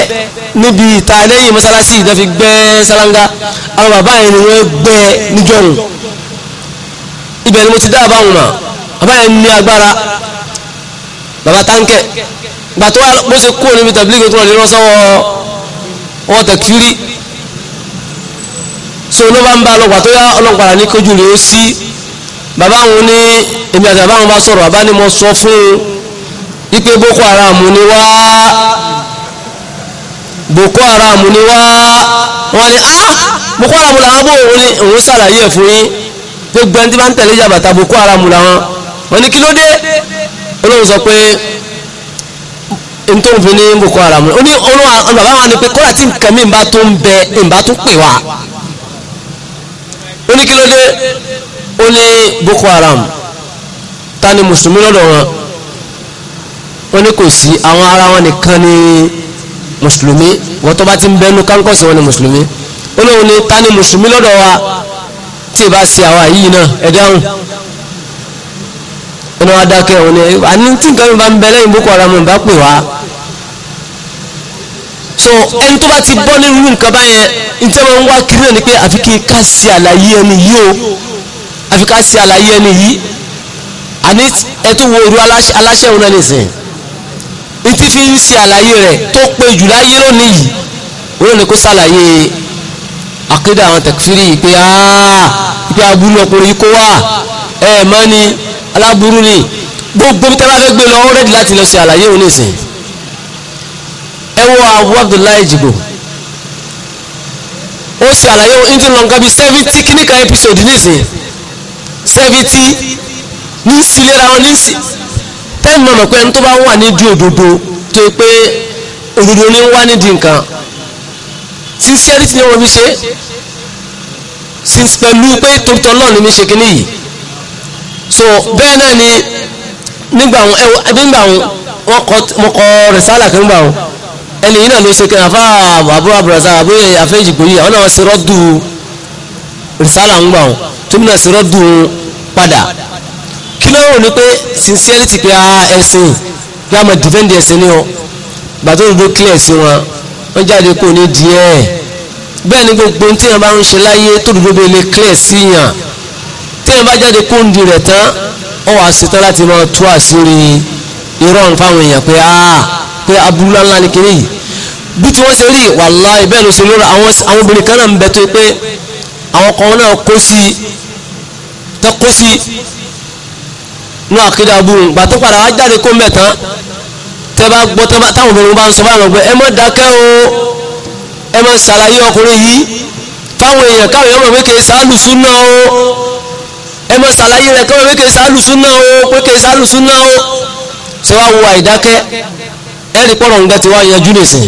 níbi ìta lẹ́yìn mọ́sálásí ìdán fi gbẹ́ sálángá àwọn bàbá yẹn ni wọ́n gbẹ́ níjọ́rùn ibẹ̀ ni mo ti dá àbáwọn mà bàbá yẹn ní agbára baba táǹkẹ̀ gbà tó wà bó ṣe kú níbi tàbílíkì tó lọ́ọ́ sọ́wọ́ wọ́n tẹ̀ kiri so ló bá ń bá ọlọ́pàá tó yá ọlọ́pàá ní kójú rèé sí bàbá òun ní èmi àti bàbá òun bá sọ̀rọ̀ bàbá ni mo sọ fún un wípé boko haram ni wá boko haram ni wá wọn ni ah boko haram làwọn bó òun ni ṣàlàyé ẹ̀ fún yín gbogbo ẹni tí bá ń tẹ̀lé jàbàtà boko haram làwọn wọn ni kí ló dé olóhùn sọ pé ntòun fi ní boko haram ó ní olóhùn àwọn bàbá wa ni pé kódà tí nǹkan mi bá tó ń bẹ ìbá tó pè wá ó ní boko haram ta ni mùsùlùmí lọ́dọ̀ wọn wọ́n ní kò sí àwọn ará wọn nìkan ni mùsùlùmí wọ́n tó bá ti ń bẹnu kánkọ́sì wọn ni mùsùlùmí olóhùn ni ta ni mùsùlùmí lọ́dọ̀ wa tí ì bá ṣe àwa yìí náà ẹ dáhùn ẹni wá dákẹ́ òun ni àní tí nǹkan mi bá ń bẹ lẹ́yìn boko haram bá pè wá so ẹni tó bá ti bọ́ nínú nǹkan báyẹn níta máa ń wá kiri náà ni pé àfi kí ká sí àlàyé ẹni yìí o àfi ká sí àlàyé ẹni yìí àní ẹ tó wo ìlú aláṣẹ òun náà nìsín ní ti fi ń ṣe àlàyé rẹ̀ tó pé jù láyé lónìí yìí òun ni kó ṣàlàyé àkídà àwọn tẹkifiri yìí pé aaa ìpè abúlé ọkùnrin yìí kó wà ẹ ẹ mọ́ ni aláburú ni gbogbo bí tẹ́lá fẹ́ gbé lọ ọ̀rẹ́dì láti lọ sí àlàyé òun nìsín ẹ wo Abu Abdullahi Jigbo ó sì àlàyé òun ní lọ́nkà bíi seventy kíníkà episode nìsín seventy ní sílera wọn ní sí tẹ́lẹ̀ mọ̀mọ́ pé ẹni tó bá wà nídìí òdodo tó pé òdodo ní wá nídìí nǹkan sincerity ni wọ́n fi ṣe pẹ̀lú pé tòótọ́ náà ló ní ṣe kíní yìí so bẹ́ẹ̀ náà ni nígbàwọn nígbàwọn wọ́n kọ rẹ̀sálà kan gbàwọn ẹni yìí náà ló ṣe kẹ́yìn afá àbúrò àbúrọ̀sá àbúrò àfẹ́jìgbò yìí àwọn náà ṣe rọ́dù rẹ̀sálà ń gbàwọn tóbi náà ṣe rọ́dù padà kí ló ń wò ni pé sincerity pé a ah, ẹ̀sìn pé a máa defend ẹ̀sìn ni ọ gbàtó òdodo clear sí wọn wọ́n jáde kó ní díẹ̀ bẹ́ẹ̀ ni gbogbo tí wọn bá ń ṣe láyé tó òdodo bẹ́ẹ̀ lè clear sí yàn tẹ́yìn bá jáde kóńdù rẹ̀ tán ó wàá ṣetán láti máa tú àṣírí irọ́ nǹkan àwọn èèyàn pé áà ah, pé aburú ńlá ni kiri yìí bí tí wọ́n ṣe rí wàláhì bẹ́ẹ̀ ló ṣe lóra àwọn obìnrin kan náà ń bẹ tó pé àwọn kan náà kó sí tán kó sí nú àkídà burú gbà tó padà wá jáde kó mẹ́tàn tẹ́ bá gbọ́ táwọn obìnrin bá ń sọ fáwọn ọgbẹ́ ẹ má dákẹ́ o ẹ má ṣàlàyé ọkùnrin yìí fáwọn èèyàn káwọn èèyàn mọ̀ pé kì í sáà lùsùn náà o ẹ mọ sàlàyé rẹ̀ kọ́ pé kèsà lùsúnà o pé kèsà lùsúnà o ṣé wàá wo àìdákẹ́ ẹ̀rí pọ̀rọ̀ ń gbẹ tí wàá yanjú nìsín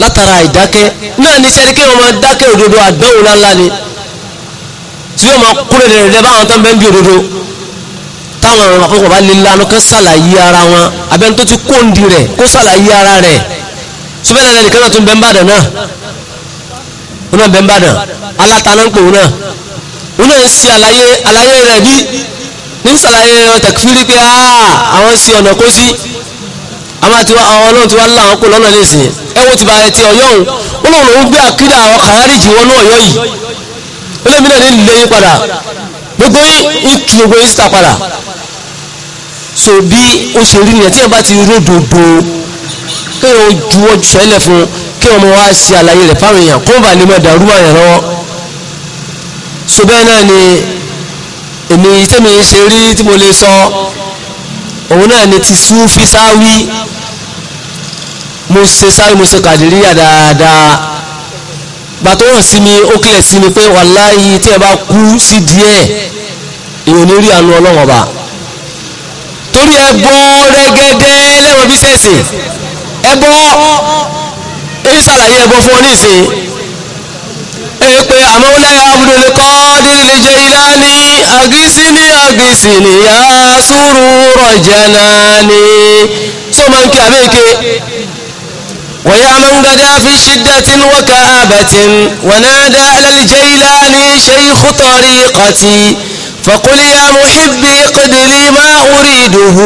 látara àìdákẹ́ náà ní sẹ́ni kí máa dákẹ́ òdodo àdánwò ńláńlá ni tí yóò máa kúrò rẹ̀ rẹ̀ báwọn tó ń bẹ́ ń bí òdodo táwọn ọ̀rọ̀ àkókò bá lè lanu kán sàlàyé ara wọn abẹ́ni tó ti kóńdì rẹ̀ kó sàlàyé ara rẹ̀ sọ́bẹ́ni ẹ̀rẹ́ nìkan náà tún bẹ́ ń bàdàn náà ó náà bẹ́ ń bàdàn alátaná ń pòun náà wọn ń ṣe àlàyé àlàyé rẹ̀ bí ní sàlàyé wọn tẹkifírí pé àwọn sí ọ̀nà kó sí àwọn àti àwọn ọlọ́run ti wá ńlá àwọn kó lọ́nà lẹ́sìn ẹ wo ti bàrẹ ti ọ̀yọ́ òun wọn lòun lòun gbé àkídà àwọn kàwárìjì wọnú ọ̀yọ́ yìí wọn lèmi náà ní ilé yín padà gbogbo yín kí gbogbo yín síta padà so bí ó ṣe rí nìyẹn tí yẹn bá ti ródòdó kéèyàn juwọ́ ju sẹ́lẹ̀ fún kéèyàn mọ wá sí àlàyé rẹ̀ fáwọn èèyàn kó bàa lè mọ̀ dàrú àyàn lọ́wọ́ so bẹ́ẹ̀ náà ni èmi tẹ́mi ṣe rí tí mo lè sọ òun náà ni ti súfí sáwí mo ṣe sáwí mo ṣe kàdíríyà dáadáa bàtọ́ hàn sí mi ó kílẹ̀ sí mi pé wàláyé tí ẹ bá kú sí díẹ̀ èèyàn ní rí àánú ọlọ́wọ́n ọba torí ẹ bọ́ rẹ́gẹ́dẹ́ lẹ́wọ̀n bí sẹ́sìn ẹ bọ́ ń ṣàlàyé ẹ bọ́ fún ọ ní ìsìn èyí pé àmọ́wúláyà Abdul Qadir Jilani agisini agisini ya surura jalani so máa ń kí abéèké ويا من غدا في شدة وكآبة ونادى على الجيلان شيخ طريقتي فقل يا محبي قد لي ما أريده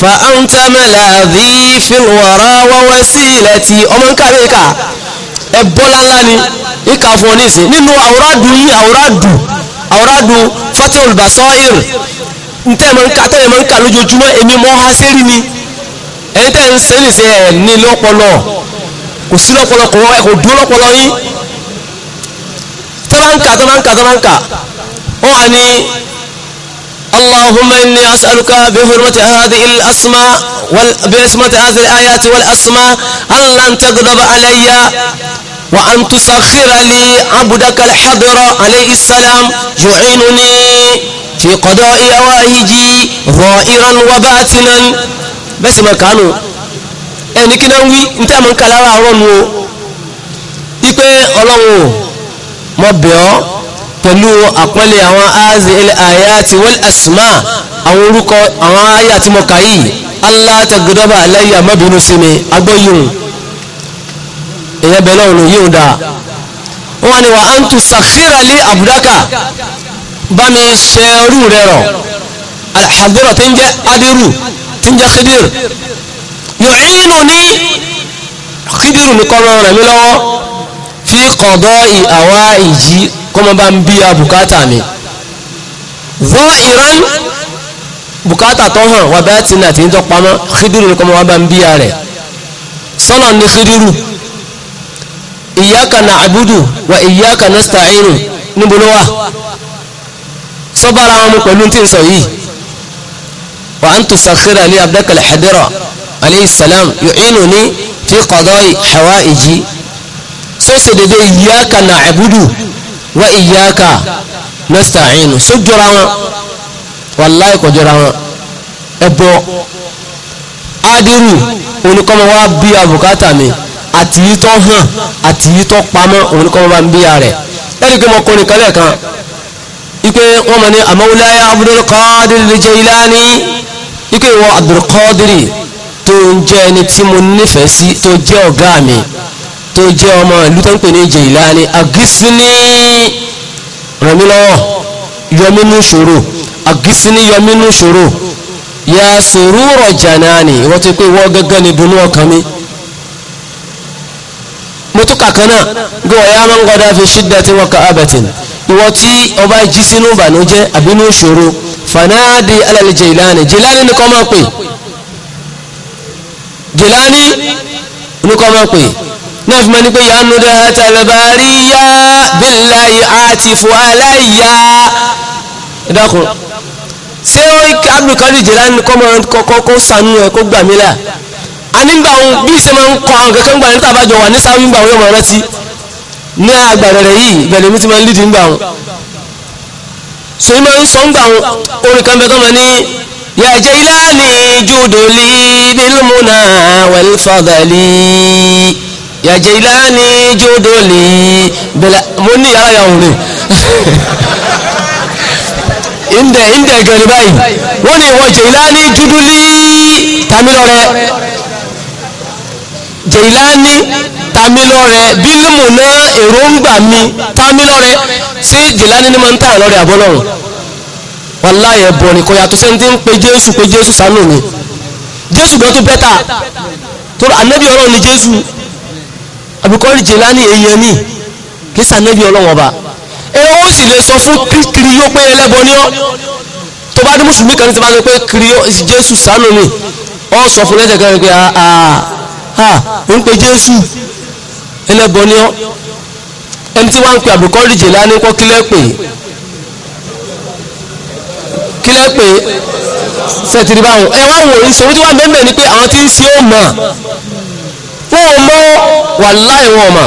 فأنت ملاذي في الورى ووسيلتي ومن كبيكا ẹbọ́lá ńlá ni ìka fún oníṣẹ́ nínú àwòrádù yìí àwòrádù àwòrádù Fathul Basair ntẹ́ mọ̀ nká tẹ́lẹ̀ lójoojúmọ́ èmi mọ́ ha sẹ́rí ni ẹni tẹ́ ń sẹ́rí sí ẹ̀ ní lọ́pọlọ kò sí kò wọ́n ẹ̀kọ́ yín اللهم إني أسألك بهرمة هذه الأسماء باسمة هذه الآيات والأسماء ألا تغضب علي وأن تسخر لي عبدك الحضر عليه السلام يعينني في قضاء أواهجي ظاهرا وباطنا بس ما كانوا ẹni kí náà ń wí ní tẹ́mọ̀ ń kà àárọ̀ nu o wípé ọlọ́run mọ̀ bẹ̀ ọ́ pẹ̀lú àpọ́nlé àwọn azil ayati wal asma àwọn orúkọ àwọn aya tí mo kà yìí Allah tagdaba alayya má bínú sí mi agbóyún èyẹ bẹ̀rẹ̀ ọ̀run yóò dáa wọ́n ni wà á ń tu sàkíra lé àbúdákà bá mi ṣe rú rẹ̀ rọ̀ alhadura tí ń jẹ́ adiru tí ń jẹ́ khidir yóò rí nù ní khidiru ní kọ́mọ rẹ̀ mi lọ́wọ́ fi kọ̀dọ̀ àwa ìjì kọ́mọ bá ń bí a bùkátà mi zọ ìran bùkátà tó hàn wà bá ti nà tí ń tọpamọ́ kídìrú ni kọ́mọ bá ń bí a rẹ̀ sọ́nà ní kídìrú ìyáka na àbúdù wa ìyáka na sta'inu níbo ló wọn pẹ̀lú tí ń sọ yìí wa an tusakhira li abdaka hadira alayhi salam yu'inuni fi qada'i hawaiji tó ṣe dédé iyyaka na'budu wa iyyaka nasta'inu sójọra wọn wàláì kọjọra wọn ẹbọ adiru oníkọ́mọ wa bí abùkátà mi àti yìí tó hàn àti yìí tó pamọ́ oníkọ́mọ bá ń bí ya rẹ̀ ẹ̀rí pé mo kan lẹ́ẹ̀kan wọn mọ̀ ní amawulaya Abdul Qadir al-Jilani ipe ìwọ Abdul Qadir tó ń jẹ́ ẹni tí mo nífẹ̀ẹ́ sí tó jẹ́ ọ̀gá mi tó jẹ́ ọmọ ìlú tó ń pè ní Jilani agisini rẹ̀mí lọ́wọ́ yọmínú ṣòro agisini yọmínú ṣòro ya surura janani wọ́n ti pé wọ́n gẹ́gẹ́ ni dunú ọkàn mi mo tún kàkan náà gbé ọ̀yá máa ń gọ́dá fi shiddati wa ka'abatin ìwọ tí ọba jí sínú ìbànújẹ́ àbínú ṣòro fanadi alal Jilani ni kọ́ ni kọ́ máa pè náà fi mọ́ ní pé ya nudat albariya billahi atifu alayya ìdákun ṣé ó Abdulkadir Jilani kọ́kọ́ sànú ẹ̀ kó gbà mí là a nígbà òun bí ìṣe máa ń kọ àwọn kẹ̀kẹ́ ń gbà níta àbájọ wà ní sáwí gbà òun rántí ní agbàrẹ̀rẹ̀ yìí bẹ̀rẹ̀ mi ti máa ń lídìí ń gbà òun máa ń sọ ń gbà orin kan bẹ́ẹ̀ tó máa ní ya Jilani juduli bil muna wal fadali yàjẹ́ ilá ní jódò lè bẹ̀lẹ̀ mo ní yàrá yà òun rè ìndẹ̀ ìndẹ̀ gẹ̀rẹ̀ báyìí wọ́n ní ìwọ jẹ̀ilá ní dúdú lé tamilọ́rẹ́ jẹ̀ilá ní tamilọ́rẹ́ bílímù náà èròǹgbà mi tamilọ́rẹ́ sí jẹ̀ilá ní ní máa ń tà lọ́rẹ́ àbọ́lọ́run wàláyé ẹ̀bọ̀ ni kò yàtọ̀ sẹ́ni tí ń pe jésù pe jésù sánú ni jésù gan tó bẹ́tà tó ànábì ọlọ́run ni jésù àbíkọ́lì jìlání èèyàn ní kí sànẹ́bí ọlọ́wọ́n ọba ẹ ó sì lè sọ fún kiri yóò pé ẹlẹ́bọ ní ọ́ tó bá dé mùsùlùmí kan tó bá sọ pé kiri jésù sánú ni ọ sọ fún lẹ́sẹ̀ kan pé àà ah, ah, ah, ń pe jésù ẹlẹ́bọ ní ọ́ ẹni tí wọ́n ń pe àbíkọ́lì jìlání kọ́ kílẹ̀ pé kílẹ̀ pé sẹ́tìrì báwọn ẹ wá wò ó sọ wọ́n ti wá mẹ́mẹ́ ni pé àwọn tí ń ṣe ó mọ̀ wọn ò mọ wàláì wọn mà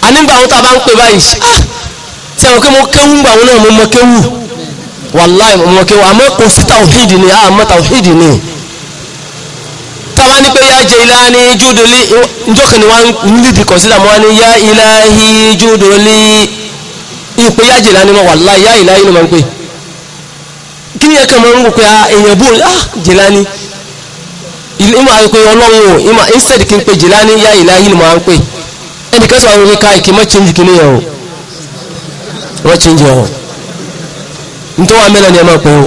á nígbà wọn tá a bá ń pè báyìí ah, tí àwọn kí mo kéwú gbà wọn náà mo mọ kéwú wàláì mo mọ kéwú àmọ́ kò sí tàwíìdì ni àmọ́ tàwíìdì ni tàbá ní pé yá jẹ ìlànà jùdòlí ìjọkàn ni wọ́n nídìí kọ̀sílà mọ́ ní yá ìlàhí jùdòlí ìpé yá jẹ ìlànà wàláì yá ìlàhí ni wọ́n pè kí ni ẹ̀kẹ́ mọ́ ń wò pé ah, èèyàn bò ah jìlání ìmọ̀ àyíkò ọlọ́run o ìmọ̀ instead kí n pe Jìlání yá ìlàhí ni mo à ń pè ẹnì kan àwọn orin ká ìkí mọ́ change kí yẹn o wọ́n change yẹn o nítorí wọn mẹ́lẹ̀ ni ẹ máa pè o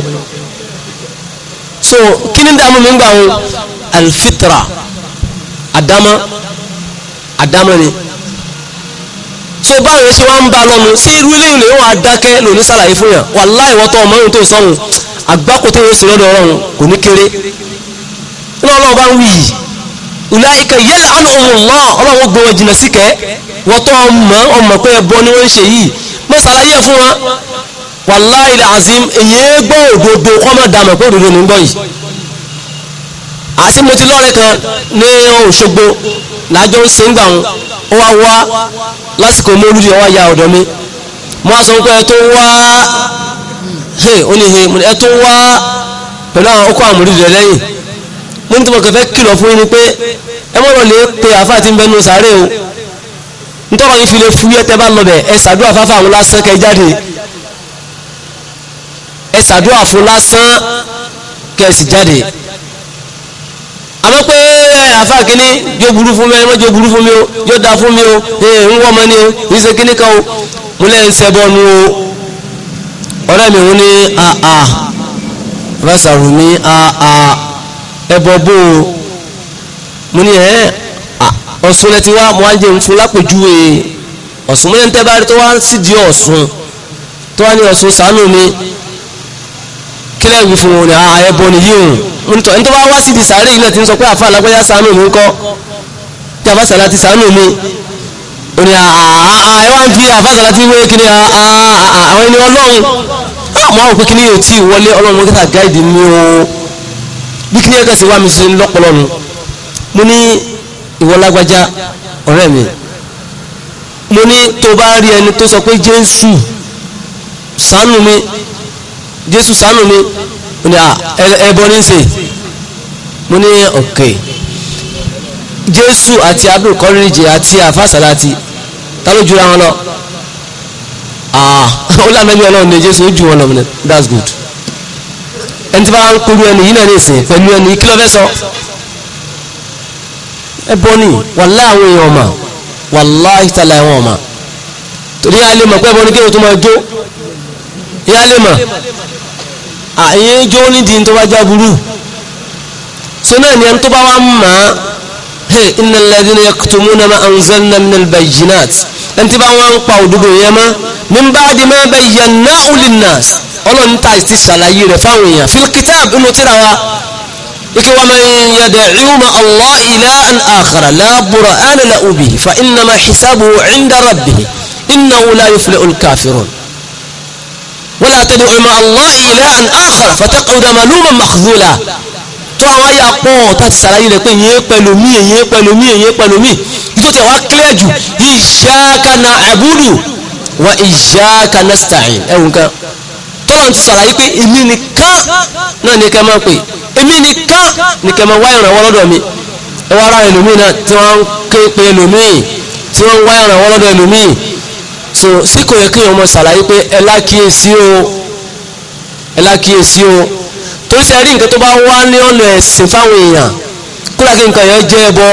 so kí ni dààmú mi ń gbà wọn alfitra àdámá àdámá ni so báwo ṣe wá ń ba lọ́nu ṣé irú eléyìí lè wọ́n adákẹ́ lòní sàlàyé fún yàn wàláhì wọ́n tọ́ ọmọ yìí tó sọ́hun àgbákò tó ń sìn ọlọ́wọ́ bá ń wí yìí ulaika yẹ́ anúhùnlọ́ ọlọ́wọ́ gbọ́ wọn jìnà síkẹ́ wọ́n tọ́ ọmọ ọmọ pé ẹbọ ni wọ́n ń ṣe yìí mọ́ sàlàyé fún wọn wallahi azim èyí gbọ́ òdodo kọ́mọ̀ dàmọ̀ pé òdodo ní ń bọ̀ yìí àti mo ti lọ́rẹ̀ kan ní Òṣogbo lájọ́ ń se ń gbà wọn ó wá wá lásìkò mọ́lúdì ọwọ́ ya ọ̀dọ̀ mi mo á sọ pé ẹ tó wá ẹ tó wá pẹ̀lú àwọn ọkọ̀ àmúrídìí rẹ̀ lẹ́yìn mo ní tí mo kàn fẹ́ kìlọ̀ fún yín ni pé ẹ mọ̀rọ̀ lè pe àáfà tí ń bẹnu sàárè o ntọ́rọ̀ yìí fi lè fúyẹ́ tẹ́ bá lọ́bẹ̀ ẹ ṣàdúrà fáfà àwọn lásán kẹ jáde ẹ ṣàdúrà fún lásán kẹ sì jáde àmọ́ pé àáfà kínní yóò burú fún mi ẹ mọ́ yóò burú fún mi o yóò da fún mi o ee ń wọ́n mọ́ ni o ń ṣe kínní kan o mo lẹ́ ń ṣẹbọ nu o ọ̀rẹ́ mi ń ní àà rásàrù mi àà ẹbọ bó o mo ní ẹ ọ̀sùn lẹ ti wá mo á jẹun fún lápèjúwe ọ̀sùn mo ní tẹ́ bá rí tó wá sí di ọ̀sùn tó wá ní ọ̀sùn sànú mi kílẹ̀ wí fún wọn ni àà ẹbọ nìyí o mo ní tọ́ ẹni tó bá wá sí di sàárè yìí náà ti ń sọ pé àfa alágbájá sànú mi ń kọ́ a àfa sàlá ti sànú mi ó ní àà ẹ wá ń fi àfa sàlá ti wé kiri àà àwọn ẹni ọlọ́run àwọn àwọn òpin kiri yóò tí ì wọlé ọlọ́run mọ́kítà gáìdì mi o bí kí ni ẹ̀ka sì wá mi sí lọ́pọ̀lọ́ nu mo ní ìwọ lágbájá ọ̀rẹ́ mi mo ní tó bá rí ẹni tó sọ pé jésù ṣàánú mi jésù ṣàánú mi mo ní ẹbọ ní sè mo ní ọ̀kẹ́ jésù àti abdul kọ́rìnjì àti àfàsàlátì ta ló jura wọn lọ ah (laughs) ó lànà mi ọlọ́run ní jésù ó ju wọn lọ mi that's good ẹni tí bá ń kúrú ẹni yìí náà ní ìsìn pẹ̀lú ẹni kí ló fẹ́ sọ ẹ bọ́ ni wàlá àwọn èèyàn ọ̀mà wàlá ìtàlà ẹ̀wọ̀n ọ̀mà torí yà á lè mọ̀ pé ẹbọn ní kéwòn tó máa jó yà á lè mọ̀ àyè jó nídìí tó bá já burú so náà ni ẹni tó bá wà mọ̀ á hey innal ladhina yaktumuna ma anzalna minal bayyinat ẹni tí bá wọn pa òdodo yẹn mọ́ min ba'di ma bayyanahu linnas. ọlọ́run tá ti ṣàlàyé rẹ̀ fáwọn èèyàn fil kitab inú tíra wa ike wa ma man yad'u ma ile ilahan akhara la burhana lahu bihi fa innama hisabuhu 'inda rabbihi innahu la yuflihul kafirun wala tad'u ma Allah ilahan akhara fataq'uda maluman makhdhula tó àwọn ayé apọ̀ tá ti ṣàlàyé rẹ̀ pé yé pẹ̀lú mí yé pẹ̀lú mí yé pẹ̀lú mí tó tẹ̀ wá kílẹ̀ jù yii iyyaka na'budu wa iyyaka nasta'in ẹ̀wùn kan tọ́lọ̀ ti sàlàyé pé èmi nìkan náà ní kẹ́ máa pè èmi nìkan ní kẹ́ máa wá ìrànwọ́ lọ́dọ̀ mi ẹ wá ara ẹlòmíì náà tí wọ́n ń ké pe ẹlòmíì tí wọ́n ń wá ìrànwọ́ lọ́dọ̀ ẹlòmíì so sí kò yẹ kí èèyàn mọ sàlàyé pé ẹ lákìyèsí o ẹ lákìyèsí o torí sẹ́rí nǹkan tó bá wá ní ọ̀nà ẹ̀sìn fáwọn èèyàn kúrò kí nǹkan yẹn jẹ́ ẹbọ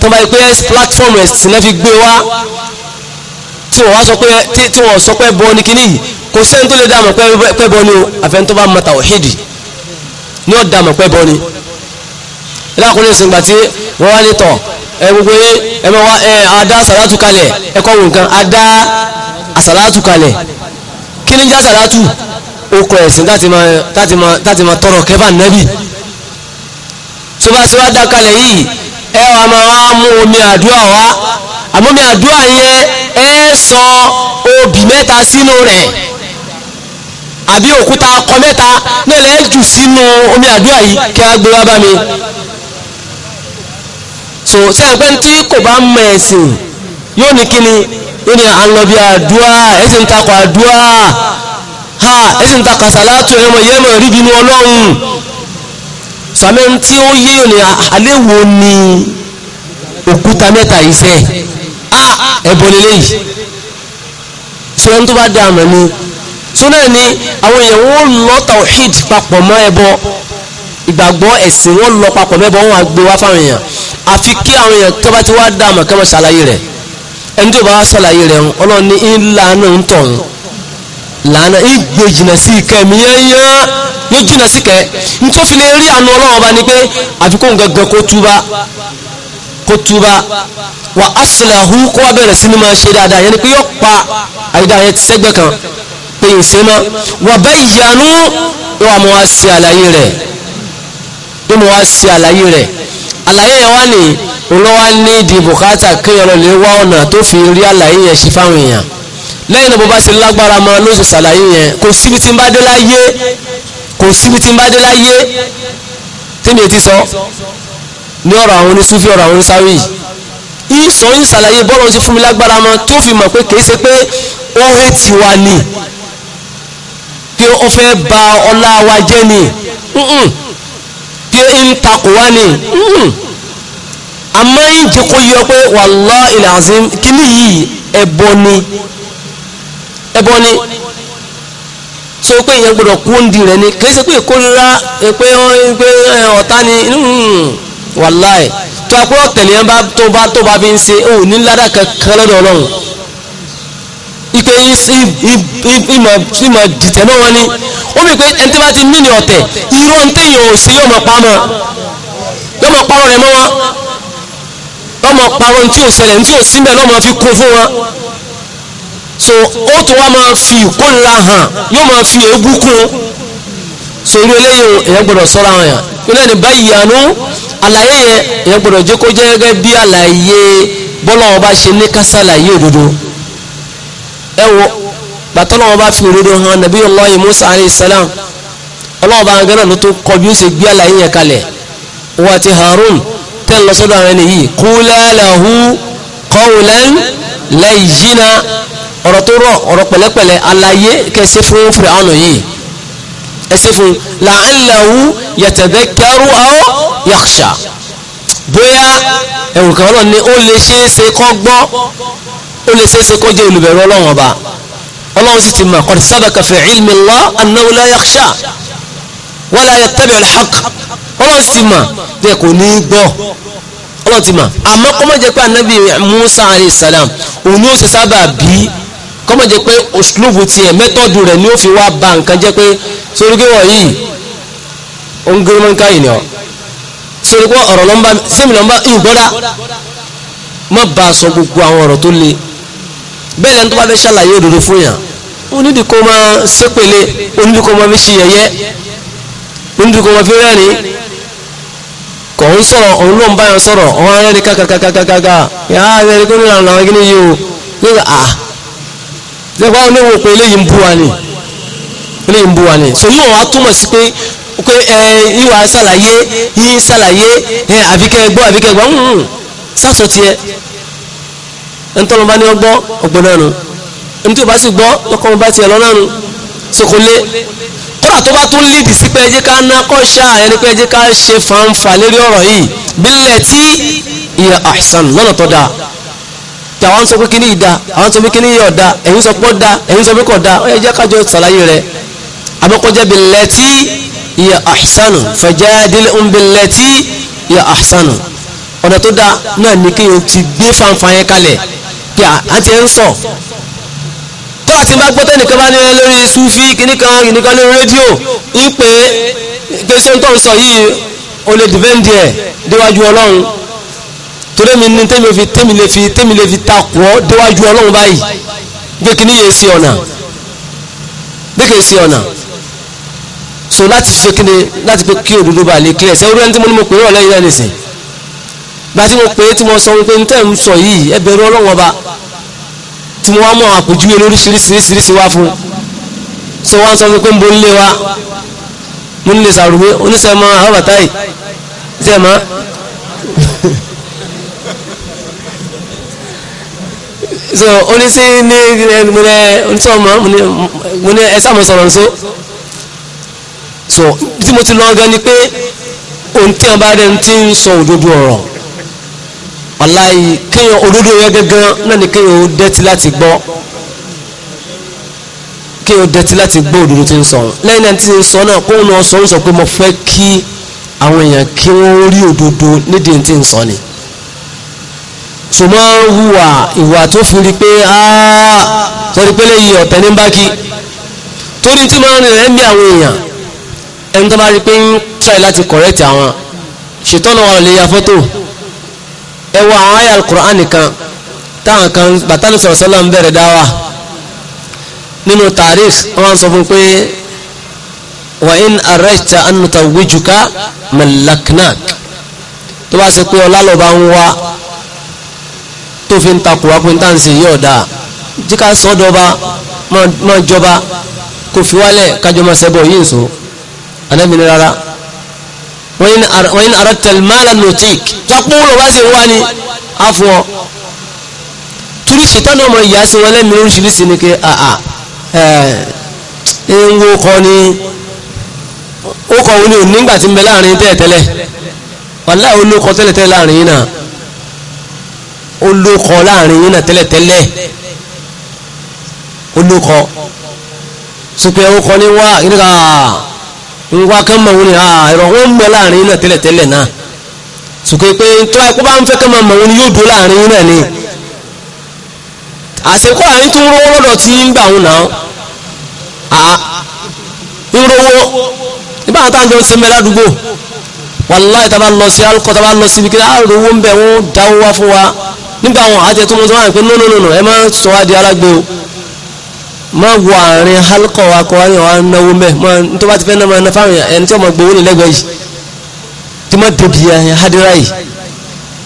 tó bá yẹ pé platform ẹ̀sìn náà fi gbé wá tí wọ́n sọ pé ẹbọ ní kinní yìí kò sẹ́ni tó lè dá àmọ̀ pẹ́ bọ́ ni o àfẹ́ni tó bá mọ tàwọ̀hídì ní ọ̀dà àmọ̀ pẹ́ bọ́ ni ìlàkùnrin ìsìngbà tí wọ́n wá ní tọ̀ ẹ gbogbo yé ẹ máa wá ẹ adá sàlátù kalẹ̀ ẹ kọ́ wò nǹkan adá àsàlátù kalẹ̀ kí ni jẹ́ àsàlátù ó kọ ẹ̀sìn láti máa tọrọ kẹfà nẹ́bì tí bá ti dá kalẹ̀ yìí ẹ wà máa wá mú omi àdúrà wá àmọ́ omi àdúrà yẹn ẹ sọ obì mẹ́ta sínú rẹ̀ àbí òkúta akọ mẹ́ta náà lẹ́ jù sínú omi àdúrà yìí kí a gbé wá bá mi so ṣe é pé tí kò bá mọ ẹ̀sìn yóò ní kíni yóò ní à àdúrà ẹ̀sìn takọ̀ àdúrà ha ẹ̀sìn ń takọ̀ sàlátù ẹ̀mọ ìyẹ́mọ rí bínú ọlọ́run sàmẹ́ tí ó yé yóò ní àléwò ni òkúta mẹ́ta yìí sẹ́ ẹ̀bọ̀ lélẹ́yìí ṣe ń tó bá dá àmọ́ ni. so ni àwọn èèyàn wọn lọ tawhid papọ̀ mọ́ ẹbọ ìgbàgbọ́ ẹ̀sìn wọn lọ papọ̀ mẹ́bọ wọn àgbé wá fáwọn èèyàn àfi kí àwọn èèyàn tó bá ti wá dá àmọ̀ kẹ́mọ̀ ṣàlàyé rẹ̀ ẹni tó bá wá ṣàlàyé rẹ̀ ọlọ́run ní ìlànà ń tọ̀hún lànà ìgbè jìnà sí ìkẹ́ mi yẹ́nyẹ́ yóò jìnà sí kẹ́ fi lè rí àánú ọlọ́run bá ní pé gangan kó ni máa ṣe dáadáa yẹn ni pé pa pé n ṣe mọ́ wà báyìí yanú ni wà mọ́ wá sí àlàyé rẹ̀ ni mọ́ wá sí àlàyé rẹ̀ àlàyé yẹn wá ní olówá ní di bùkátà kéèyàn lọ lè wá ọ̀nà tó fi rí àlàyé yẹn ṣe fáwọn èèyàn lẹ́yìn náà bó bá ṣe lágbára mọ́ ló ṣe ṣàlàyé yẹn kò síbi tí ń bá dé láyé kò síbi tí ń bá dé láyé tí mi ti sọ ní ọ̀rọ̀ àwọn onísúfì ọ̀rọ̀ àwọn onísáwì yìí ṣàlàyé bọ́ọ̀lù ti fún mi lágbára mọ́ tó fi mọ̀ pé kì í ṣe pé ó hẹ́ tiwa ni pé ó fẹ́ ba ọlá wa jẹ́ ni pé ń takò wá ni àmọ́ yìí jẹ́ kó yọ pé wallahi alazim kíní yìí ẹbọ ni ẹbọ ni so pé ìyẹn gbọdọ̀ kú òǹdí rẹ ni kìí ṣe pé ìkórira pé ọ̀tá ni wallahi tó a pé ọ̀tẹ̀lẹ̀ yẹn tó bá fi ń ṣe ò ní ládàá kankan lọ́dọ̀ ọlọ́run ipe ìmọ̀ dìtẹ̀ mọ́ wọn ni ó bí pé ẹni tí bá ti níni ọ̀tẹ̀ irú ọ̀n tí yóò sí yóò mọ̀ pamọ́ yóò mọ̀ parọ́ rẹ̀ mọ́ wọn lọ́mọ parọ́ tí yóò ṣẹlẹ̀ tí yóò sí mẹ́ lọ́mọ fi kún fún wọn so ó tó wá máa fi ìkórira hàn yóò máa fi èébú kún so irú eléyìí èèyàn gbọdọ̀ sọ́ra wọn yàn ilé ní báyìí yànú àlàyé yẹn èèyàn gbọdọ̀ jẹ́ kó jẹ́ gẹ́gẹ́ bí àlàyé bọ́lá ọba ṣe ní kásálàyé òdodo ẹ wo bàtọ́ náà wọ́n bá fi òdodo hàn nàbí ọlọ́yìn Musa alayhi salam ọlọ́wọ́ bá gánà ló tó kọ bí ó ṣe gbé àlàyé yẹn kalẹ̀ wọ́n ti Harun tẹ́ ń lọ sọ́dọ̀ àwọn ẹni yìí qula lahu qawlan layyina ọ̀rọ̀ tó rọ̀ ọ̀rọ̀ pẹ̀lẹ́pẹ̀lẹ́ àlàyé kẹsẹ́ fún Fir'aun yìí ẹsẹ́ fún la'allahu yatadhakkaru aw yakhsha bóyá ẹ̀wùn kan ó lè ṣeé ṣe kọ́ gbọ́ ó lè ṣeéṣe kó jẹ́ olùbẹ̀rù ọlọ́run ọba ọlọ́run sì ti mọ̀ qad sabaka fi ilmi Allah annahu la yakhsha wala yattabi al-haqq ọlọ́run sì ti mọ̀ bẹ́ẹ̀ kò ní gbọ́ ọlọ́run ti mọ̀ àmọ́ kọ́mọ̀ jẹ́ pé anabi Musa alayhi salam òun ni ó ṣe sábà bí kọ́mọ̀ jẹ́ pé òṣùlùfù tiẹ̀ mẹ́tọ́dù rẹ̀ ni ó fi wá ba nǹkan jẹ́ pé sórí kí wọ́n yìí ni ọ́ sórí ọ̀rọ̀ lọ́nba sẹ́mi lọ́nba ìbọ́dá má ba sọ gbogbo àwọn ọ̀rọ̀ tó le bẹ́ẹ̀ lẹ́nu tó bá fẹ́ ṣàlàyé òdodo fún yàn onídìí kó máa ṣépele onídìí kó máa fi ṣe yẹ̀yẹ́ onídìí kó máa fi rẹ́rìn kò ń sọ̀rọ̀ òun ló ń bá yàn sọ̀rọ̀ ọ̀hún arẹ́ ni kàkàkàkàkàkà yà á rẹ́ ni kó nílànà làwọn gíní yìí o nígbà à nígbà wọn ló wò pé eléyìí ń bú wa ni eléyìí ń bú wa ni so yóò wá túmọ̀ sí pé pé ẹ ìwà ṣàlàyé yín ṣàlàyé ẹ àbíkẹ́ gbọ́ àbíkẹ́ gbọ́ sásùn tiẹ̀ ẹnitọ́lọ́ bá ní ọgbọ́ ọgbọ́n náà nù ẹni tí o bá sì gbọ́ lọ́kọ́ bá tiẹ̀ lọ náà nù sokole kódà tó bá tún lídì sí pé ẹjẹ́ ká ná kọ́ṣà ẹni pé ẹjẹ́ ká ṣe fanfa lérí ọ̀rọ̀ yìí bílẹ̀ tí ìyẹ ahsan lọ́nà tó dáa tí àwọn sọ pé kí ni ìdá àwọn sọ pé kí ni ìyẹ ọ̀dá ẹ̀yin sọ pé ọ̀dá ẹ̀yin sọ pé kò dá ẹ jẹ́ kájọ sàlàyé rẹ̀ abẹ́kọ́jẹ́ bílẹ̀ tí ìyẹ ahsan fajadilhum bílẹ̀ tí ìyẹ ahsan ọ̀nà tó dáa náà ní kí n ti gbé fanfan yẹn kalẹ̀ pé à ń tiẹ̀ ń sọ kọ́lá tí n bá gbọ́ tẹ́nìkan bá ní lórí sufi kìnnìkan kìnnìkan lórí rédíò ń pè é pé ṣé ń tọ́ ń sọ yìí o lè dìbẹ́ǹdì ẹ̀ déwájú ọlọ́run torí mi ní tẹ́mi fi tẹ́mi lè fi tẹ́mi lè fi takùn déwájú ọlọ́run báyìí bí kìíní yẹn sí ọ̀nà bí kìí sí ọ̀nà so láti fi kíni láti fi kí òdodo bá lè clear ṣe orí ẹni tí mo ní mo pè é ọ̀lẹ́yìn náà nìsín gba tí mo pè é tí mo sọ wípé ntẹ́ ń sọ yìí ẹ ọlọ́wọ́n ba tí mo wá mọ àpèjúwe lóríṣiríṣiríṣi wá fún so wọ́n sọ wípé ń bo nílé wa mo nílé sàrùwé oníṣẹ́mọ àbàtà yìí ṣẹ́mọ. (laughs) so oníṣẹ́ ní ẹnumọ́nẹ oníṣẹ́ ọmọ mo ní ẹ̀sà mo sọ̀rọ̀ nso so tí mo ti lọ gan ni pé ohun tí wọn bá rẹ̀ ń ti ń sọ òdodo ọ̀rọ̀ wàláyé kéèyàn òdodo yẹn gángan náà ni kéèyàn ó dẹ́tí láti gbọ́ kéèyàn dẹ́tí láti gbọ́ òdodo tí ń sọ lẹ́yìn náà tí ń sọ náà kóun náà sọ ń sọ pé mo fẹ́ kí àwọn èèyàn kí wọ́n rí òdodo nídìí tí ń sọ ni ṣùgbọ́n hùwà ìwà tó fi rí pé sọrí pé lẹ́yìn ọ̀tẹ̀ ní bá kí torí tí máa ń rìn rẹ́ńbí àwọn èèyàn ẹni tó bá rí pé ń tíráì láti kọ̀rẹ́tì àwọn ṣètọ́nà wa lè ya fọ́tò ẹ wo àwọn àyà alukur'an nìkan táwọn kan bàtàlù sọ̀rọ̀ sọ́lá ń bẹ̀rẹ̀ dáwà nínú tarif wọ́n sọ fún pé wa in arẹ́ta anuta wíjúká malaknak tó bá ṣe pé ọlálọ́ bá ń wá tó fi ń takùwá pé tá à ń ṣe yí jíká sọ́dọ̀ba máa jọba kò fi wálẹ̀ kájọ máa ṣẹbọ yìí ń rárá wọ́n yín arọ́tẹ̀l mọ́lá notik tó apọ́wọ́lọ́ wá sí wá ní afọ́ torí ṣètọ́nà ọmọ ìyá sí wọn lẹ́mìí oríṣiríṣi ni pé àà ẹ̀ ń wo kọ́ ni ó kọ̀ wọ́n ní òní nígbà tí ń bẹ láàrin tẹ́ẹ̀tẹ́lẹ̀ wàlá olókọ tẹ́lẹ̀tẹ́lẹ̀ láàrin yín náà olókọ láàrin yín náà tẹ́lẹ̀tẹ́lẹ̀ olókọ sọ pé ó kọ́ ní wá nígbà nwa kan mọ̀ wọn ni ah, ẹ̀rọ wọn mọ̀ láàrin náà tẹ́lẹ̀tẹ́lẹ̀ náà sùkúrẹ́ pé tó ẹ̀kọ́ bá ń fẹ́ kan mọ̀ wọn ni yóò dúró láàrin náà ni àṣekọ́ àyín tó ń rówó lọ́dọ̀ tí ń gbà wọn náà ń rówó nígbà wọn táwọn jọ ń sinmi ládùúgbò wàláì tá a bá lọ sí alukọ tá a bá lọ síbi kíkà á rówó ń bẹ̀ wọn dáwọ́ wá fún wa nígbà wọn àti ẹ̀tún mọ́tò wọn àìpé nínú ẹ má sọ Ma wo àárín halkọ̀ wa kọ́ wáyé wa náwó mẹ́ mọ́ tó bá ti fẹ́ náà náà fáwọn ẹni tí ọmọ gbowó lè lẹ́gbẹ̀ẹ́ yìí tí mọ́ débi ẹ̀yìn eh, hadira yìí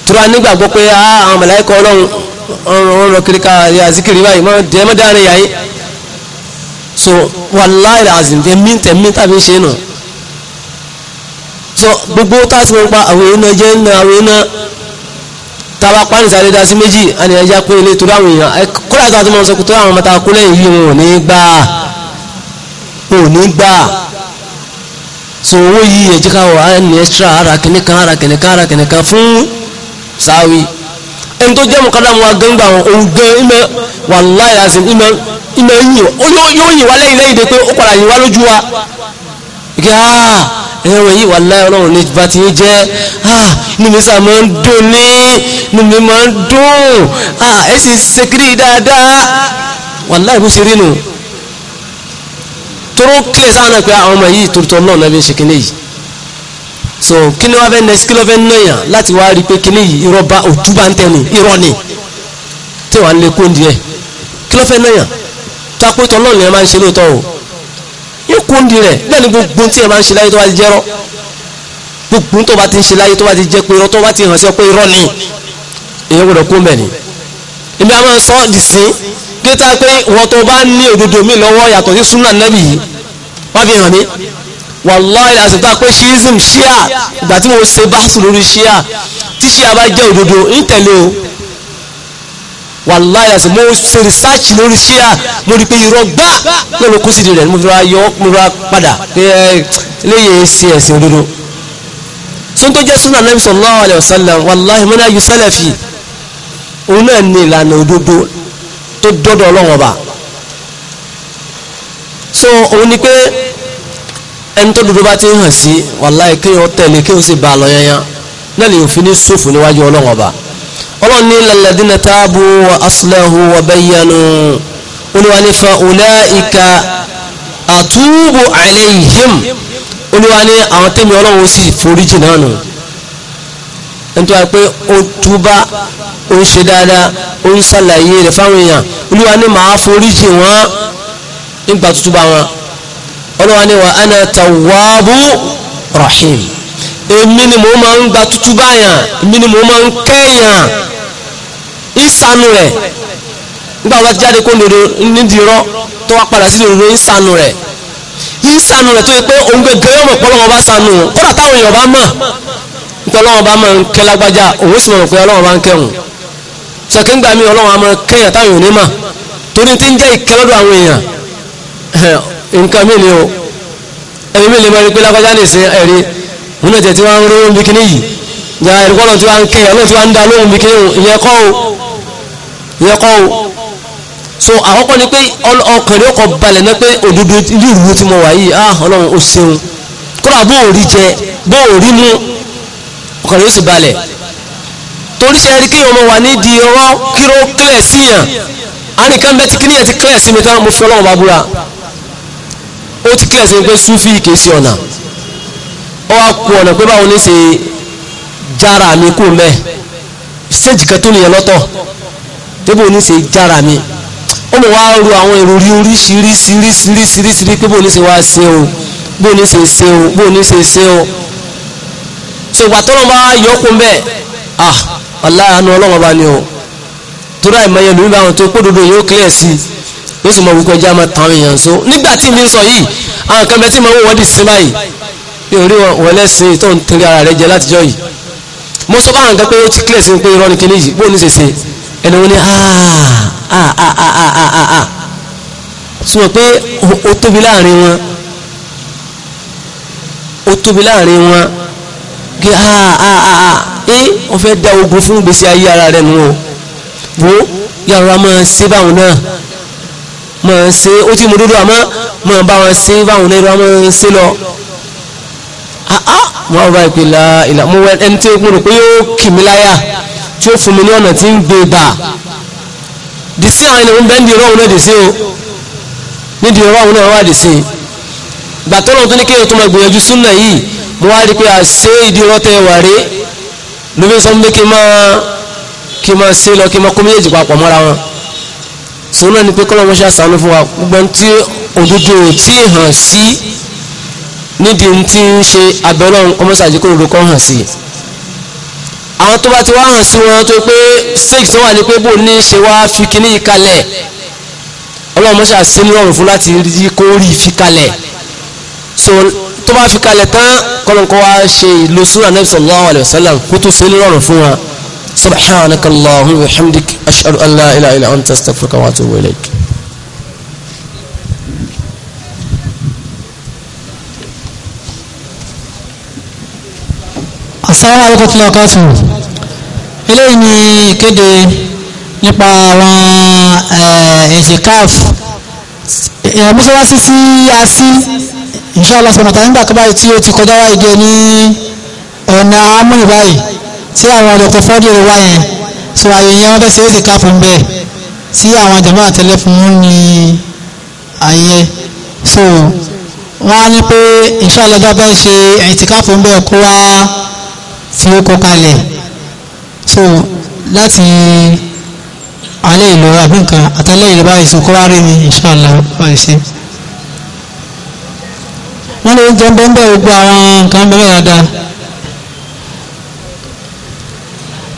tura nígbàgbọ́ pé àwọn mẹ̀láìkọ́ ọlọ́run ọ̀rọ̀ ọ̀rọ̀ kiri ká àzikiri báyìí mọ́ dẹ́ mọ́ dáhùn yàyí so wàláì azim tẹ̀mí tẹ̀mí tàbí ṣe nù so gbogbo tá a ti mọ̀ pa àwọn èèyàn jẹ́ ń na àwọn èèyàn tàbá pàánù sáré dá sí méjì a ní ẹja pín ilé torí àwọn èèyàn kódà tó àti mọ̀ sọ tó àwọn ọmọ ta kó yìí wọn ò ní gbà ò ní gbà so owó yìí ẹ̀jẹ̀ ká wà á ní extra ara kìnnì kan ara kìnnì kan ara kìnnì kan fún sáwì ẹni tó jẹ́ mọ̀kádà wọn gẹ́gbà wọn òun gẹ́ ìmọ̀ wàláhì àti ìmọ̀ ìmọ̀ yìí yóò yìí wá lẹ́yìn lẹ́yìn dé pé ó padà yìí wá lójú wa ìgbà ẹ̀rọ yìí wà láì ọlọ́run ní bá ti ń jẹ́ ah ní mi sá máa ń dùn ní ní mi máa ń dùn ah ẹ sì ṣèkiri dáadáa wà láì bó ṣe rí nu tóró kílẹ̀ sáà náà àwọn ọmọ yìí torítọ́ náà náà fi ṣe kíní yìí so kí ni wọ́n fẹ́ nẹ́sí kí ló fẹ́ náyà láti wá rí pé kíní yìí irọ́ bá òtúbà ń tẹ̀ ní irọ́ ni tí wàá lè kó ń di ẹ̀ kí ló fẹ́ náyà tápótọ́ náà ni máa ń ṣe lóòótọ́ o yóò kó ń di rẹ̀ bẹ́ẹ̀ ni gbogbo tí ẹ bá ń ṣe láyé tó bá ti jẹ́ rọ́ gbogbo tó bá ti ń ṣe láyé tó bá ti jẹ́ pé irọ́ tó bá ti hàn sí ọ pé irọ́ ni èèyàn gbọ́dọ̀ kó mẹ́ni èmi a máa sọ ọ́dì sí kíta pé wọ́n tó bá ní òdodo mi lọ́wọ́ yàtọ̀ sí súnà nẹ́bì yìí wọ́n fi hàn mí wàláhì àṣetá pé ṣíísìm ṣíà ìgbà tí mo ṣe bá lórí ṣíà tí ṣíà bá jẹ́ òdodo ń tẹ̀lé o wàláyé àti mo ṣe research lórí ṣíà mo rí pé irọ́ gbá pé ló kó sí rẹ̀ mo fi ra yọ mo ra padà pé léyè ṣe ẹ̀sìn òdodo tó ń tó jẹ́ sunnah nabi sallallahu alayhi wa sallam wàláyé mọ́nà ayé sálẹ̀fì òun náà ní ìlànà òdodo tó dọ́dọ̀ ọlọ́wọ́n ọba so òun ni pé ẹni tó dodo bá ti hàn sí wàláyé kéèyàn tẹ̀lé kéèyàn sì bá a lọ yányán náà lè òfin ní sófò níwájú ọlọ́wọ́n ọba ọlọ́run ní lalladhina táàbù wa aslahu wa bayyanu olúwa ní fa ulaika atubu alayhim olúwa ní àwọn tẹ́mi ọlọ́run sì foríjì náà nù nítorí pé ó túbá ó ń ṣe dáadáa ó ń ṣàlàyé rẹ̀ fáwọn èèyàn olúwa ní màá foríjì wọn nígbà tútúbà wọn ọlọ́wà wa ana tawwabu rahim èmi ni mo máa ń gba tútúbà yàn èmi ni mo máa ń kẹ́yàn ìsanu rẹ̀ nígbà wọn jáde kó lòdò nídìírọ́ tó wá padà sí lòdò ìsanu rẹ̀ ìsanu rẹ̀ tó yẹ pé òun gbẹgbẹ yóò mọ̀ pọ́lọ́wọ́ bá sanu kódà táwọn èèyàn bá mọ̀ nítorí ọlọ́wọ́ bá mọ̀ ń kẹ́ lágbájá òun sì mọ̀ pé ọlọ́wọ́ bá ń kẹ́hùn ṣèkéńgbà mi ọlọ́wọ́ á mọ̀ kẹ́yàn táwọn èèyàn ní mà torí ti ń jẹ́ ìkẹ́lọ́dọ̀ àwọn èèyàn nǹkan mi ni o ẹni mi lè mọ ẹni pé lágbájá lè sin ẹ̀rí òun náà jẹ́ tí wọ́n ń rí omi kíní yìí ìyá kọ́ lọ́n tí wọ́n ń kẹ́yàn lọ́n tí wọ́n ń da lóhùn mi kíní kọ́ o ìyẹn o so àkọ́kọ́ ni pé ọkàn rẹ̀ kọ́ balẹ̀ náà pé òdodo ilé ìrùwò tí mo wà yìí ah ọlọ́run ó ṣeun kódà bó o rí jẹ bó o rí mú ọkàn rẹ̀ ó sì balẹ̀ torí ṣe rí kéèyàn ọmọ wà ní di ọwọ́ kíró kílẹ̀ síyàn àníkàn bẹ́ẹ̀ tí kíníyàn ti kílẹ̀ sí mi tán mo fi ọlọ́run bá búra ó ti kílẹ̀ sí pé súfì kìí sí ọ̀nà ó wá kú ọ̀nà pé báwo ní ṣe jára mi kú mẹ́ stéèjì kan nìyẹn lọ́tọ̀ débò ní ṣe jára mi ó mọ̀ wá ru àwọn èrò rí oríṣiríṣiríṣiríṣiríṣirí pé bò ní ṣe wá o bò ní ṣe o bò ní ṣe o ṣùgbọ́n tọ́lọ́ bá ah aláàánú ọlọ́wọ́ bá ní o torí àìmọye lórí bá wọn tó kó dodo yóò clear sí i ó sì mọ wípé ọjà máa tàn èèyàn so nígbà tí mi ń sọ yìí àwọn kan bẹ tí mo wọ ẹni wọ́n ní àà ah, súnmọ̀ ah, ah, pé ó tóbi láàrin wọn ó tóbi láàrin wọn kí àà ẹ wọ́n fẹ́ da ogun fún gbèsè ayé ara rẹ̀ nù o wo yàrá máa ṣe báwọn náà máa ṣe ó ti mú dúdú àmọ́ máa bá wọn ṣe báwọn náà ìrora máa ṣe lọ àà mo wá bá ìpìlà ìlà mo wẹ ẹni tí mo rò pé yóò kì mí láyà tí ó fún mi ní ọ̀nà tí ń gbé gbà dìsí àwọn ènìyàn bẹ́ẹ̀ ń di ìrọ̀rùn náà dìsí o ní di ìrọ̀rùn náà wà dìsí gbàtọ́nà tó ní kéèyàn tó máa gbìyànjú súnà yìí mo wá rí pé àṣé ìdí ọ̀rọ̀ tẹ wà rí lóbi sọ pé kí n máa kí n máa ṣe lọ kí n máa kó méjèèjì papọ̀ mọ́ra wọn sọ náà ni pé kọ́lọ́ wọn ṣe àṣàánú fún wa gbogbo tí òdodo ò tí ì hàn sí nídìí tí ń ṣe abẹ́rẹ́ ọmọ sàjíkò òdòkọ́ hàn sí i àwọn tó bá ti wá hàn sí wọn tó pé stage tó wà ní pé bò ní ṣe wá fi kíní yìí kalẹ̀ ọlọ́run sí ní ọ̀rùn fún láti rí kó rí fi kalẹ̀ so tó bá fi kalẹ̀ tán kọ́lọ́nkọ́ wa ṣe ìlò súnà nabi sallallahu alayhi wa sallam kó tó ṣe ní ọ̀rùn fún wa subhanakallahumma wa hamdik ashhadu an la ilaha illa anta astaghfiruka wa atubu ilayk. Assalamu alaikum tí lọ́kọ́ sí eléyìí ni ìkéde nípa àwọn ẹ̀ṣẹ̀ caf ìrànmúsọ́wásí sí así inshallah sọ̀nàtà nígbà kan báyìí tí ó ti kọjá wáyé gẹ ní ọ̀nà amúnì báyìí tí àwọn Dr. Fọ́dí rẹ̀ wá yẹn sọ àyè yẹn wọ́n fẹ́ ṣe ẹ̀ṣẹ̀ caf ń bẹ̀ tí àwọn jàmbá àtẹlẹ fún un ní àyè so wọ́n á ní pé inshallah bá bá ṣe ẹ̀ṣẹ̀ caf ń bẹ̀ kó wá tí ó kọ́ kalẹ̀ so láti alẹ́ ìlú àbí nǹkan àtàlẹ́ ìlú báyìí so kọ́ wá rí mi inṣàlá báyìí sí. wọ́n lè jẹ́ bẹ́ẹ̀ gbogbo àwọn nǹkan bẹ́ẹ̀ dáadáa.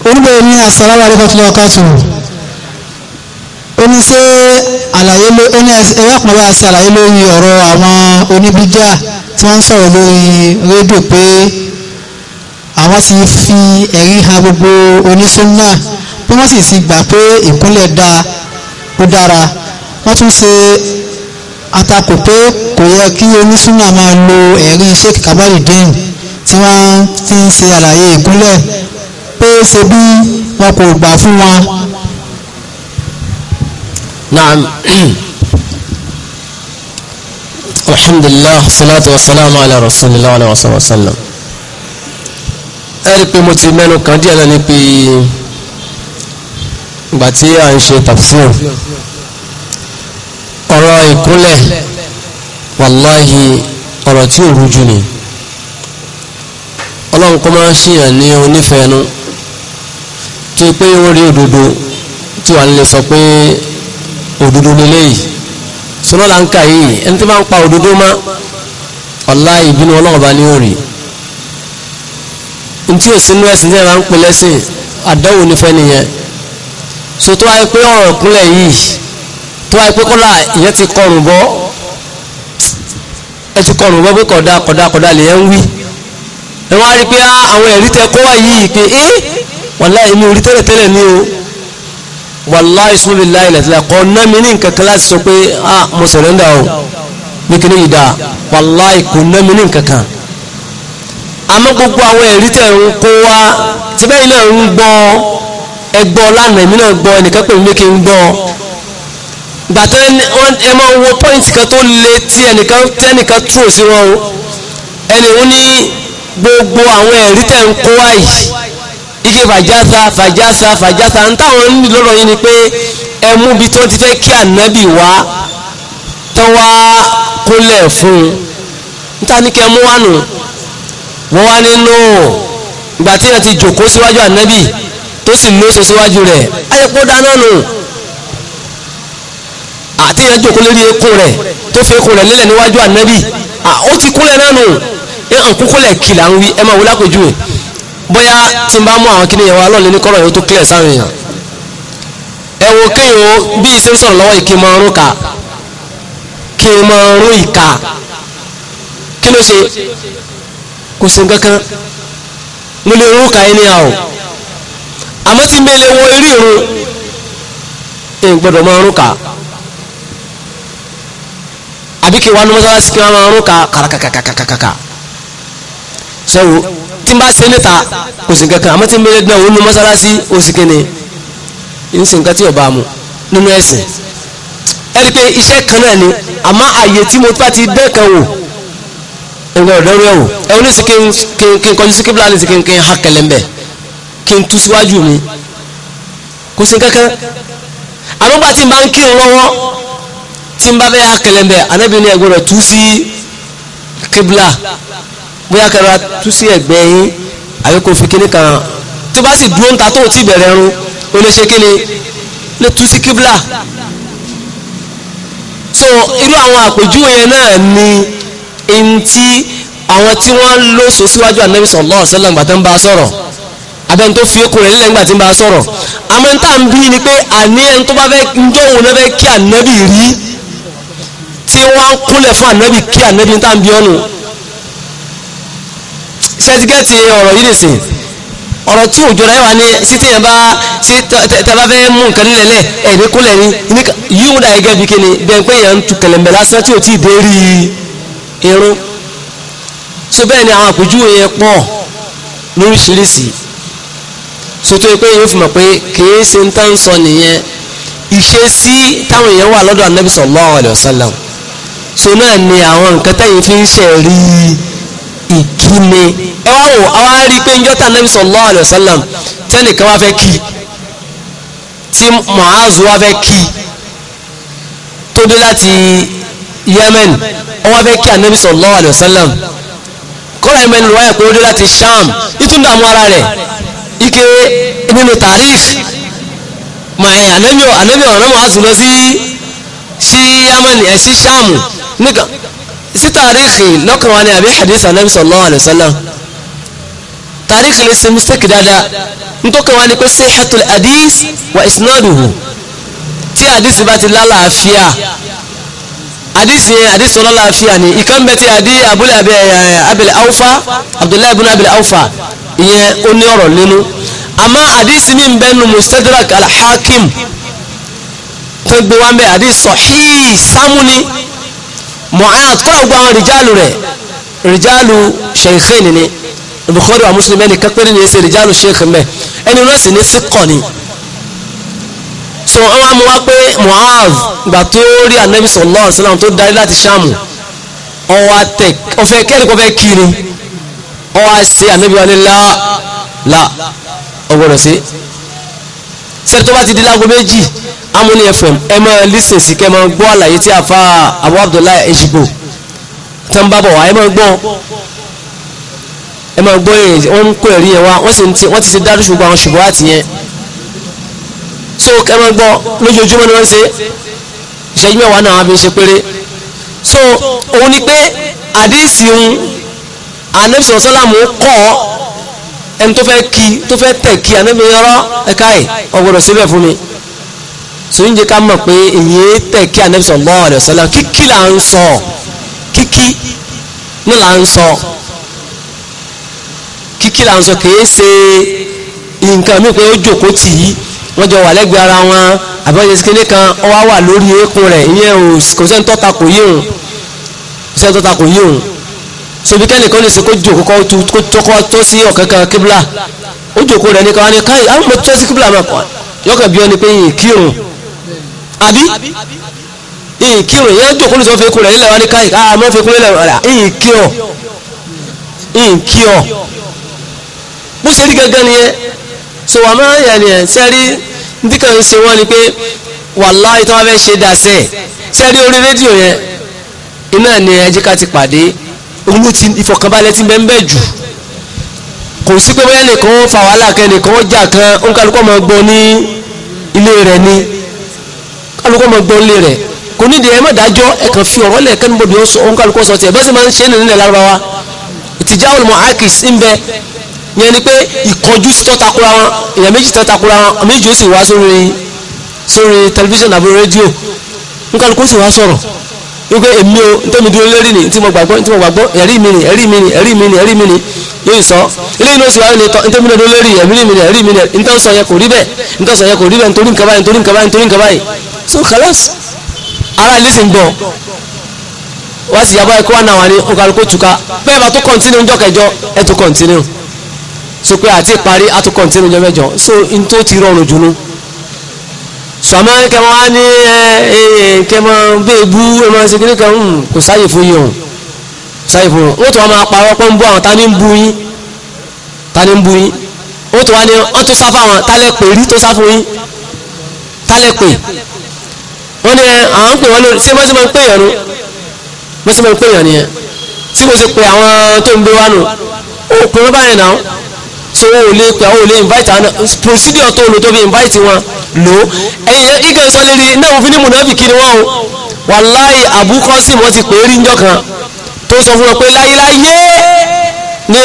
oníbẹ̀rẹ̀ ní asàlámù aláìkọ́tún ọkọ̀ tó oní ṣé àlàyé ló ẹni ẹ̀rọ kan bá ṣe àlàyé lórí ọ̀rọ̀ àwọn oníbíjà tí wọ́n ń sọ̀rọ̀ lórí rédíò pé àwọn ti fi ẹ̀rí hàn gbogbo onísúnnà bí wọ́n sì ti gbà pé ìkúnlẹ̀ da ó dára wọ́n tún ṣe atakò pé kò yẹ kí onísúnnà máa lo ẹ̀rí Sheikh Kabirudeen tí wọ́n ti ń ṣe àlàyé ìkúnlẹ̀ pé ṣe bí wọn kò gbà fún wọn. naam (clears throat) alhamdulillah salatu wa salamu ala rasulillah wa sallam ẹ rí i pé mo ti mẹ́nu kan díẹ̀ náà ní pé ìgbà tí à ń ṣe tafsir ọ̀rọ̀ ìkúnlẹ̀ wàláhì ọ̀rọ̀ tí ò rújú ni ọlọ́run kọ́ máa ń ṣèyàn ní onífẹ̀ẹ́nu tó pé ó rí òdodo tí wàá lè sọ pé òdodo lélẹ́yìí sọlọ́lá ń kà yìí ẹni tó bá ń pa òdodo mọ́ ọ̀la ìbínú ọlọ́run bá ní òrì ntí o sínú ẹ̀sìn tí ẹ máa ń pè lẹ́sìn àdánwò nífẹ̀ẹ́ nìyẹn so tó wáyé pé ọ̀rọ̀ ìpínlẹ̀ yìí tó wáyé pé kọ́lá ìyẹn ti kọrùn bọ́ ẹ ti kọrùn bọ́ pé kódà kódà kódà lè ń wí ẹ wá rí pé ah, àwọn ẹ̀rí tẹ kó yìí pé ẹ wàláhì mi ò rí tẹ́lẹ̀ tẹ́lẹ̀ ní o wàláhì ìsúnlélá ilẹ̀ tẹ́lẹ̀ kọ́ ná mi ní nǹkan kan láti sọ pé ah mo sẹ̀rẹ̀ndà o ní kíní yìí dáa wàláhì kò ná mi ní nǹkan kan àmọ́ gbogbo àwọn ẹ̀rí tẹ̀ ń kó wá tí bẹ́ẹ̀ náà ń gbọ́ ẹgbọ́ lánàá èmi náà gbọ́ ẹnìkan pè mí kí n gbọ́ gbàtẹ́ ẹ máa wo pọ́ìntì kan tó le tí ẹnìkan tẹ́nìkan tú òsì wọn o ẹnì ń ní gbogbo àwọn ẹ̀rí tẹ̀ ń kó wá yìí ike fàjásá fàjásá fàjásá ń táwọn ń lọ́rọ̀ yìí ni pé ẹ mú ibi tí wọ́n ti fẹ́ kí ànábì wá tán wá kólẹ̀ fún un ń ta ní kẹ́ mú wá nù wọ́n wá nínú ìgbà tí yẹn ti jòkó síwájú ànábì tó sì lóso síwájú rẹ̀ ayẹpọ̀ dáná nù àti yẹn jòkó lórí ekun rẹ̀ tó fi ekun rẹ̀ lélẹ̀ níwájú ànábì ó ti kúnlẹ̀ náà nù ẹ̀ ń kúkúlẹ̀ kìlà ń wí ẹ̀ máa wọlé àpèjúwe bóyá tí n bá mú àwọn kìnìyàn wa lọ́ọ̀lẹ́ ní kọ́rọ̀ yóò tó clear sáwọn èèyàn ẹ wo kéèyàn bí ìṣe ń sọ̀rọ̀ lọ́wọ́ ìké máa rún ka kí n máa rún ìka kí ló ṣe kò sí nǹkan kan mo lè rún ka ẹni àwọ̀ àmọ́ tí mi lè wọ eré ìrún ẹ̀ gbọ́dọ̀ máa rún ka àbí kí wà ní mọ́sálásí kí wọ́n máa rún ka kàràkàkàkàkàkà sẹ́wọ́ tí n bá ṣe níta kò sí nǹkan kan àmọ́ tí mi lè dán ní mọ́sálásí oṣù kìíní ń sì nǹkan tí ò bá mu nínú ẹ̀sìn ẹ̀rí pé iṣẹ́ kan náà ni àmọ́ àyè tí mo bá ti dẹ́kan wò ẹgbẹ́ ọ̀dọ́ rẹ̀ wò ẹ ó ní sí kí n kọjú sí kíbla ní sí kí n kí n ha kẹlẹ̀ ń bẹ̀ kí n tú síwájú mi kò sí kankan àmọ́ bá ti máa ń kírun lọ́wọ́ tí n bá bẹ́ ha kẹlẹ̀ ń bẹ̀ anábìrin ní ẹgbẹ́ rẹ̀ tú sí kíbla bóyá kẹrọ tú sí ẹgbẹ́ yín àbí kò fi kíní kan tó bá sì dúró ń ta tó ti bẹ̀rẹ̀ run ó lè ṣe kíni lè tú sí kíbla so irú àwọn àpèjúwe yẹn náà ni ntí àwọn tí wọ́n ń lóso síwájú anabi sallallahu alaihi wasallam gbàtà ń bá a sọ̀rọ̀ abẹ́ni tó fi okòrò nílẹ̀ ńgbà tí ń bá a sọ̀rọ̀ àmọ́ ń tà ń bí ni pé àní ẹni tó bá fẹ́ ń jó òun náà fẹ́ kí anabi rí tí wọ́n ń kúnlẹ̀ fún anabi kí anabi ń tà ń bí ọ́nù sẹ́tígẹ́tì ọ̀rọ̀ yìí nìsín ọ̀rọ̀ tí òjò rẹ̀ wà ní sítì yẹn bá sí tẹ́bá fẹ́ mú nǹkan nílẹ̀ ẹ̀ ní kúnlẹ̀ ní yíwúdà ẹgẹ́ bí kíni bẹ́ẹ̀ pé yẹn ń tu kẹlẹ̀mbẹ̀ lásán tí ò tí ì dé rí i irun so bẹ́ẹ̀ ni àwọn àpèjúwe yẹn pọ̀ lóríṣiríṣi soto pé yóò fi mọ̀ pé kìí ṣe ń tán sọ nìyẹn ìṣesí táwọn èèyàn wà lọ́dọ̀ anabi sallallahu alayhi wa sallam so náà ni àwọn nǹkan táyìn fi ń ṣẹ̀rí ìkíni ẹ wá wò àwa rí i pé njọ́ta anabi sallallahu alayhi wa sallam tẹ́nìkan wá fẹ́ kí tí Mu'azu wá fẹ́ kí tó dé láti Yemen ó wá fẹ́ kí anabi sallallahu alayhi wa sallam kọ́ra ẹ̀mẹ́ ni rọ́yà pé ó dé láti sham ìtúndà mú ara rẹ̀ ike nínú tarif mà ẹ̀ anabi anabi ọ̀rọ̀ mọ́ àtúntò sí sí yamani ẹ̀ sí sham nìkan sí tarif lọ́kàn wa ni àbí hadith anabi sallallahu alayhi wa lè ṣe mistake dáadáa nítorí wọn ni pé sihhatul hadith wa isnaduhu tí hadith bá ti lálàáfíà hadisi yẹn hadisi ọlọ́lá àfíà ni ìkan bẹ ti àdí abúlé abẹ́lẹ̀ eh, awfa abdullahi ibn abẹ́lẹ̀ awfa ìyẹn ó ní ọ̀rọ̀ nínú àmọ́ hadisi mi ń bẹ nu mustadrak alhakim tó gbé wá ń bẹ hadisi sahih sámúni mu'ad kọ́lá gbogbo àwọn rìjálù rẹ̀ rìjálù shaykhain ni bukhari wa muslim ẹni kápẹ́rẹ́ ni ẹ ṣe sheikh mbẹ ẹni rẹ̀ sì ní sí so wọ́n wá mú wá pé Muaz gbà tó rí anabi sallallahu alaihi wasallam tó darí láti ṣáàmù ọwọ́ atẹ ọfẹ kẹ́rin kọ́ fẹ́ kiri ọwọ́ àṣẹ anabi wa la la ọgbọ́dọ̀ sí sẹ́ni tó bá ti di láago méjì amúni fm ẹ máa lísìn sí kẹ́ máa gbọ́ àlàyé tí àfa abu abdullahi ejigbo tó ń bá bọ̀ wá ẹ máa gbọ́ ẹ máa gbọ́ yẹn wọ́n ń kó ẹ̀rí yẹn wá wọ́n ti ṣe dárú ṣùgbọ́n àwọn ṣùgbọ́n àti yẹn so kẹmọ gbọ́ lójoojúmọ́ ni wọ́n ṣe ìṣẹ́jú mẹ́wàá náà wọ́n fi ṣe péré so òun ni pé àdíìsì ń anẹ́bìsì ọ̀sọ́làmù kọ́ ẹni tó fẹ́ kí tó fẹ́ tẹ̀ kí anẹ́bìsì ọ̀rọ̀ ẹ̀ka ẹ̀ ọ̀gbọ̀dọ̀ síbẹ̀ fún mi so ń jẹ́ ká mọ̀ pé èyí tẹ̀ kí anẹ́bìsì ọ̀lọ́ọ̀dẹ̀ọ̀sọ́làmù kíkí là ń sọ kíkí ní là ń sọ kíkí là ń sọ kìí ṣe nǹkan mi pé ó jòkó tì í wọ́n jọ wà lẹ́gbẹ̀ẹ́ ara wọn àbẹ̀wọ̀n ìṣẹ́kẹ́lẹ́ kan ọ wá wà lórí eékún rẹ̀ ìyẹn ò kò sẹ́ni tọ́ta kò yé òun kò sẹ́ni tọ́ta kò yé òun sobi kẹ́nìkan lè ṣe kó jòkó kó tọ́kọ́ tó sí ọ̀kankan kíbla ó jòkó rẹ̀ nìkan wá ní káyì àwọn mọ̀tò sí kíbla máa kọ́ yọkàn bí wọn ni pé yìí kírun àbí yìí kírun yẹn jòkó lùsọ̀ fẹ́ kú rẹ̀ nílẹ̀ wá ní káyì àà mọ́ fẹ́ kú nílẹ̀ rà yìí kí ọ so wà máa ń yà ni ẹ̀ sẹ́rí ní kàn ń ṣe wọ́n ni pé wàláhì tó wá fẹ́ ṣe dasẹ́ sẹ́rí orí rédíò yẹn iná ni ẹjẹ́ ká ti pàdé olú ti ìfọ̀kànbalẹ̀ ti bẹ́ẹ̀ bẹ́ẹ̀ jù kò sí pé bóyá nìkan ó fa wàhálà kan nìkan ó jà kan ó ń kálukọ́ máa gbọ́ ní ilé rẹ̀ ni kálukọ́ máa gbọ́ ilé rẹ̀ kò nídìí ẹ má dájọ́ ẹ kàn fi ọ̀rọ̀ lẹ̀ kẹ́nubọ̀dì ó ń kálukọ́ sọ tiẹ̀ bẹ́ẹ̀ sì máa ń ṣe é nínú ilẹ̀ lárúbáwá tìjáwọ̀lùmọ̀ akis ń bẹ́ẹ̀ yẹn ni pé ìkọjú sí tọ́takura wọn èèyàn méjì tọ́takura wọn méjì ó sì wá sórí sórí tẹlifíṣàn àbí rédíò nǹkan kó sì wá sọ̀rọ̀ wípé èmi o ntẹ́mi dúró lérí ni tí mo gbàgbọ́ tí mo gbàgbọ́ ẹ̀rí mi ni ẹ̀rí mi ni ẹ̀rí mi ni ẹ̀rí mi ni yóò sọ eléyìí ló sì wá ní tọ́ ntẹ́mi dúró lérí ẹ̀rí mi ni ẹ̀rí mi ni ntẹ́ sọ yẹn kò rí bẹ́ẹ̀ ntẹ́ sọ yẹn kò rí bẹ́ẹ̀ nítorí nǹkan báyìí nítorí nǹkan báyìí nítorí nǹkan báyìí so khalas ara ilé sì ń gbọ́ wá sì yàgbọ́ ẹ̀kọ́ wà náà wà ní ọkọ̀ àlùkò tùkà bẹ́ẹ̀ bá tó kọ̀ntínú ńjọ́ kẹjọ ẹ̀ tó kọ̀ntínú so pé àti ìparí á kọ̀ǹtínú jọ mẹ́jọ so n tó ti rọrùn jùlọ sọmọ kẹmọ wá ní ẹ kẹmọ bẹẹ bú ẹmọ ṣe kí ní kẹ ń kò sáyè fún yìí o sáyè fún yìí o tó wọn máa parọ́ pé ń bú àwọn ta ni ń bú yín ta ni ń bú yín o tó wá ní ọ tó sá fáwọn tálẹ̀ pè rí tó sá fún yín tálẹ̀ pè wọ́n ní àwọn ń pè wọ́n lórí ṣé mọ́sí máa ń pè yàn nu mọ́sí máa ń pè yàn nìyẹn tí mo ṣe pè àwọn tó ń gbé wá nù ó pè wọ́n báyìí náà so wọn ò lè pè àwọn ò lè invite àwọn procedure tó lò tó fi invite wọn lò ẹ̀yìn igi sọ lè rí náà òfin ní mùnàfíkì ni wọ́n o wàláì Abu Qasim wọ́n ti pè é rí njọ́ kan tó sọ fún wọn pé láyéláyé ní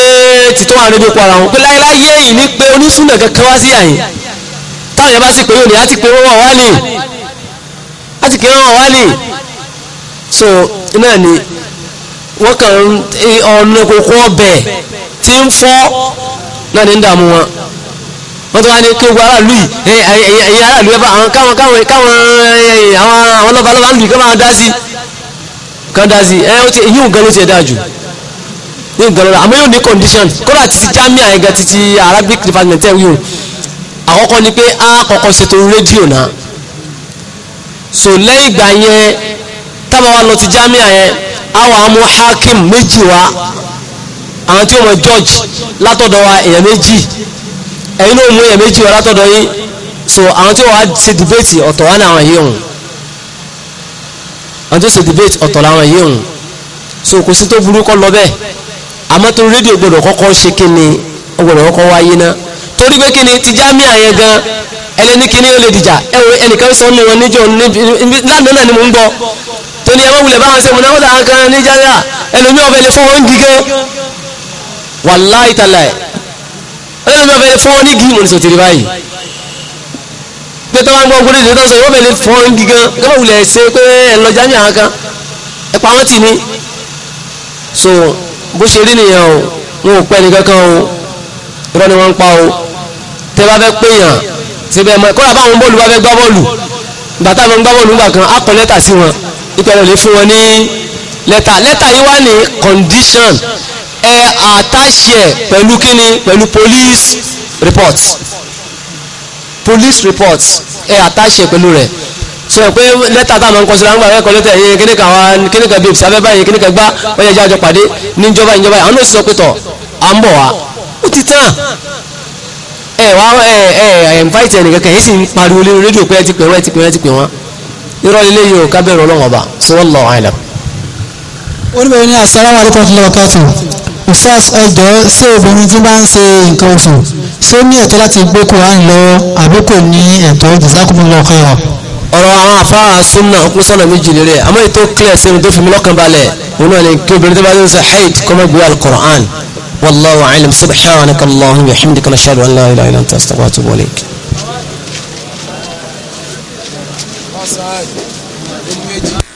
títọ́ àwọn ẹbí para wọn pé láyéláyé yìí ní pé onísùnà kankan wá sí àyè táwọn yẹn bá sì pé yóò ní á ti pé wọ́n wá ní á ti pé wọ́n wá ní so náà ni wọ́n kàn ń ọ̀nà kòkó ọbẹ̀ tí ń fọ́ náà ní ń dààmú wọn wọ́n tó wá ní kí ogun aráàlú yìí ẹ̀yìn aráàlú ẹ̀bá àwọn káwọn káwọn káwọn àwọn lọ́ba lọ́ba lù kí wọ́n máa dá sí kan dá sí ẹ̀ ló ti dáa jù yíò gan lọ́la àmọ́ yóò ní condition kódà títí jamiu àyẹ̀gà títí Arabic department ẹ̀ wíwò àkọ́kọ́ ni pé a kọ́kọ́ ṣètò rédíò náà so lẹ́yìn ìgbà yẹn tábà wa lọ ti jamiu àyẹn àwọn amú hakim méjì wa àwọn tí ó mọ george látọ̀dọ̀ wa èèyàn méjì ẹ̀yin ló mú èèyàn méjì wá látọ̀dọ̀ yín so àwọn tí ó wà ṣe debate ọ̀tọ̀ wá láwọn yìí òun àwọn tí ó ṣe debate ọ̀tọ̀ láwọn yìí òun so kò sí tó burú kọ́ lọ bẹ́ẹ̀ àmọ́ tó rédíò gbọ́dọ̀ kọ́kọ́ ṣe kí ni ó gbọ́dọ̀ kọ́kọ́ wáyé náà torí pé kí ni ti jámíà yẹn gan ẹlẹ́ni kí ni ó lè dìjà ẹ̀wọ̀n ẹnìkan sọ nù wọn níjọ lánàá náà ni mò wàláì tàlà ẹ̀ ẹlẹ́nu bẹ́ẹ̀ fún wọn ní gí mọ̀ ní sọ̀tìrì báyìí pé tó bá ń gbọ́ gbórí ìdílé tó ń sọ yóò bẹ̀rẹ̀ fún wọn gí gan gbọ́dọ̀ wulẹ̀ ṣe pé ẹ lọ jámì àwọn kan ẹ pa wọ́n ti ní so bó ṣe rí nìyẹn o wọn ò pẹ́ ní kankan o irọ́ ni wọ́n ń pa o tẹ bá fẹ́ péyàn ti bẹ́ẹ̀ mọ́ ẹ kọ́ra báwọn bọ́ọ̀lù bá fẹ́ gbá bọ́ọ̀lù ìgbà táwọn condition ẹ àtàṣì ẹ̀ pẹ̀lú kíni pẹ̀lú police report police report ẹ àtàṣì ẹ̀ pẹ̀lú rẹ̀ sọ pé lẹ́tà táwọn ọmọ nkọ́sílẹ̀ àwọn ẹ̀kọ́ lẹ́tà yẹn kíní kan wá kíní kan bíbí sábẹ́ báyìí kíní kan gbá wọ́n yẹ jẹ́ àjọ pàdé níjọba ìjọba yìí àwọn náà sì sọ pé tọ̀ à ń bọ̀ wá ó ti tán ẹ wá ẹ ẹ ẹ invite ẹnì kankan yìí sì ń pariwo lórí rédíò pé ẹ ti pè wọ́n ẹ ti pè wọ́n ẹ ti pè wọ́n irọ́ lílé yìí ò ká ọlọ́wọ́n ọba sọ wọ́n lọ àìlẹ̀. oníbẹ̀rẹ̀ ní assalamu alaikum Ustaz ẹjọ́ ṣé obìnrin tí bá ń ṣe nǹkan oṣù ṣé ó ní ẹ̀tọ́ láti gbé Quran lọ àbí kò ní ẹ̀tọ́ jazakumullahu khairan. ọ̀rọ̀ àwọn afáà súnà ọkùnrin sọ̀nà méjì lérè àmọ́ ètò clear sí ẹni tó lọ́kàn balẹ̀ òun náà ni kí obìnrin tó bá ń ṣe haid kọ́ mọ́ gbé al-Quran wallahu a'lam subhanaka allahumma wa bihamdika nashhadu an la ilaha illa anta astaghfiruka wa atubu ilayk. Thank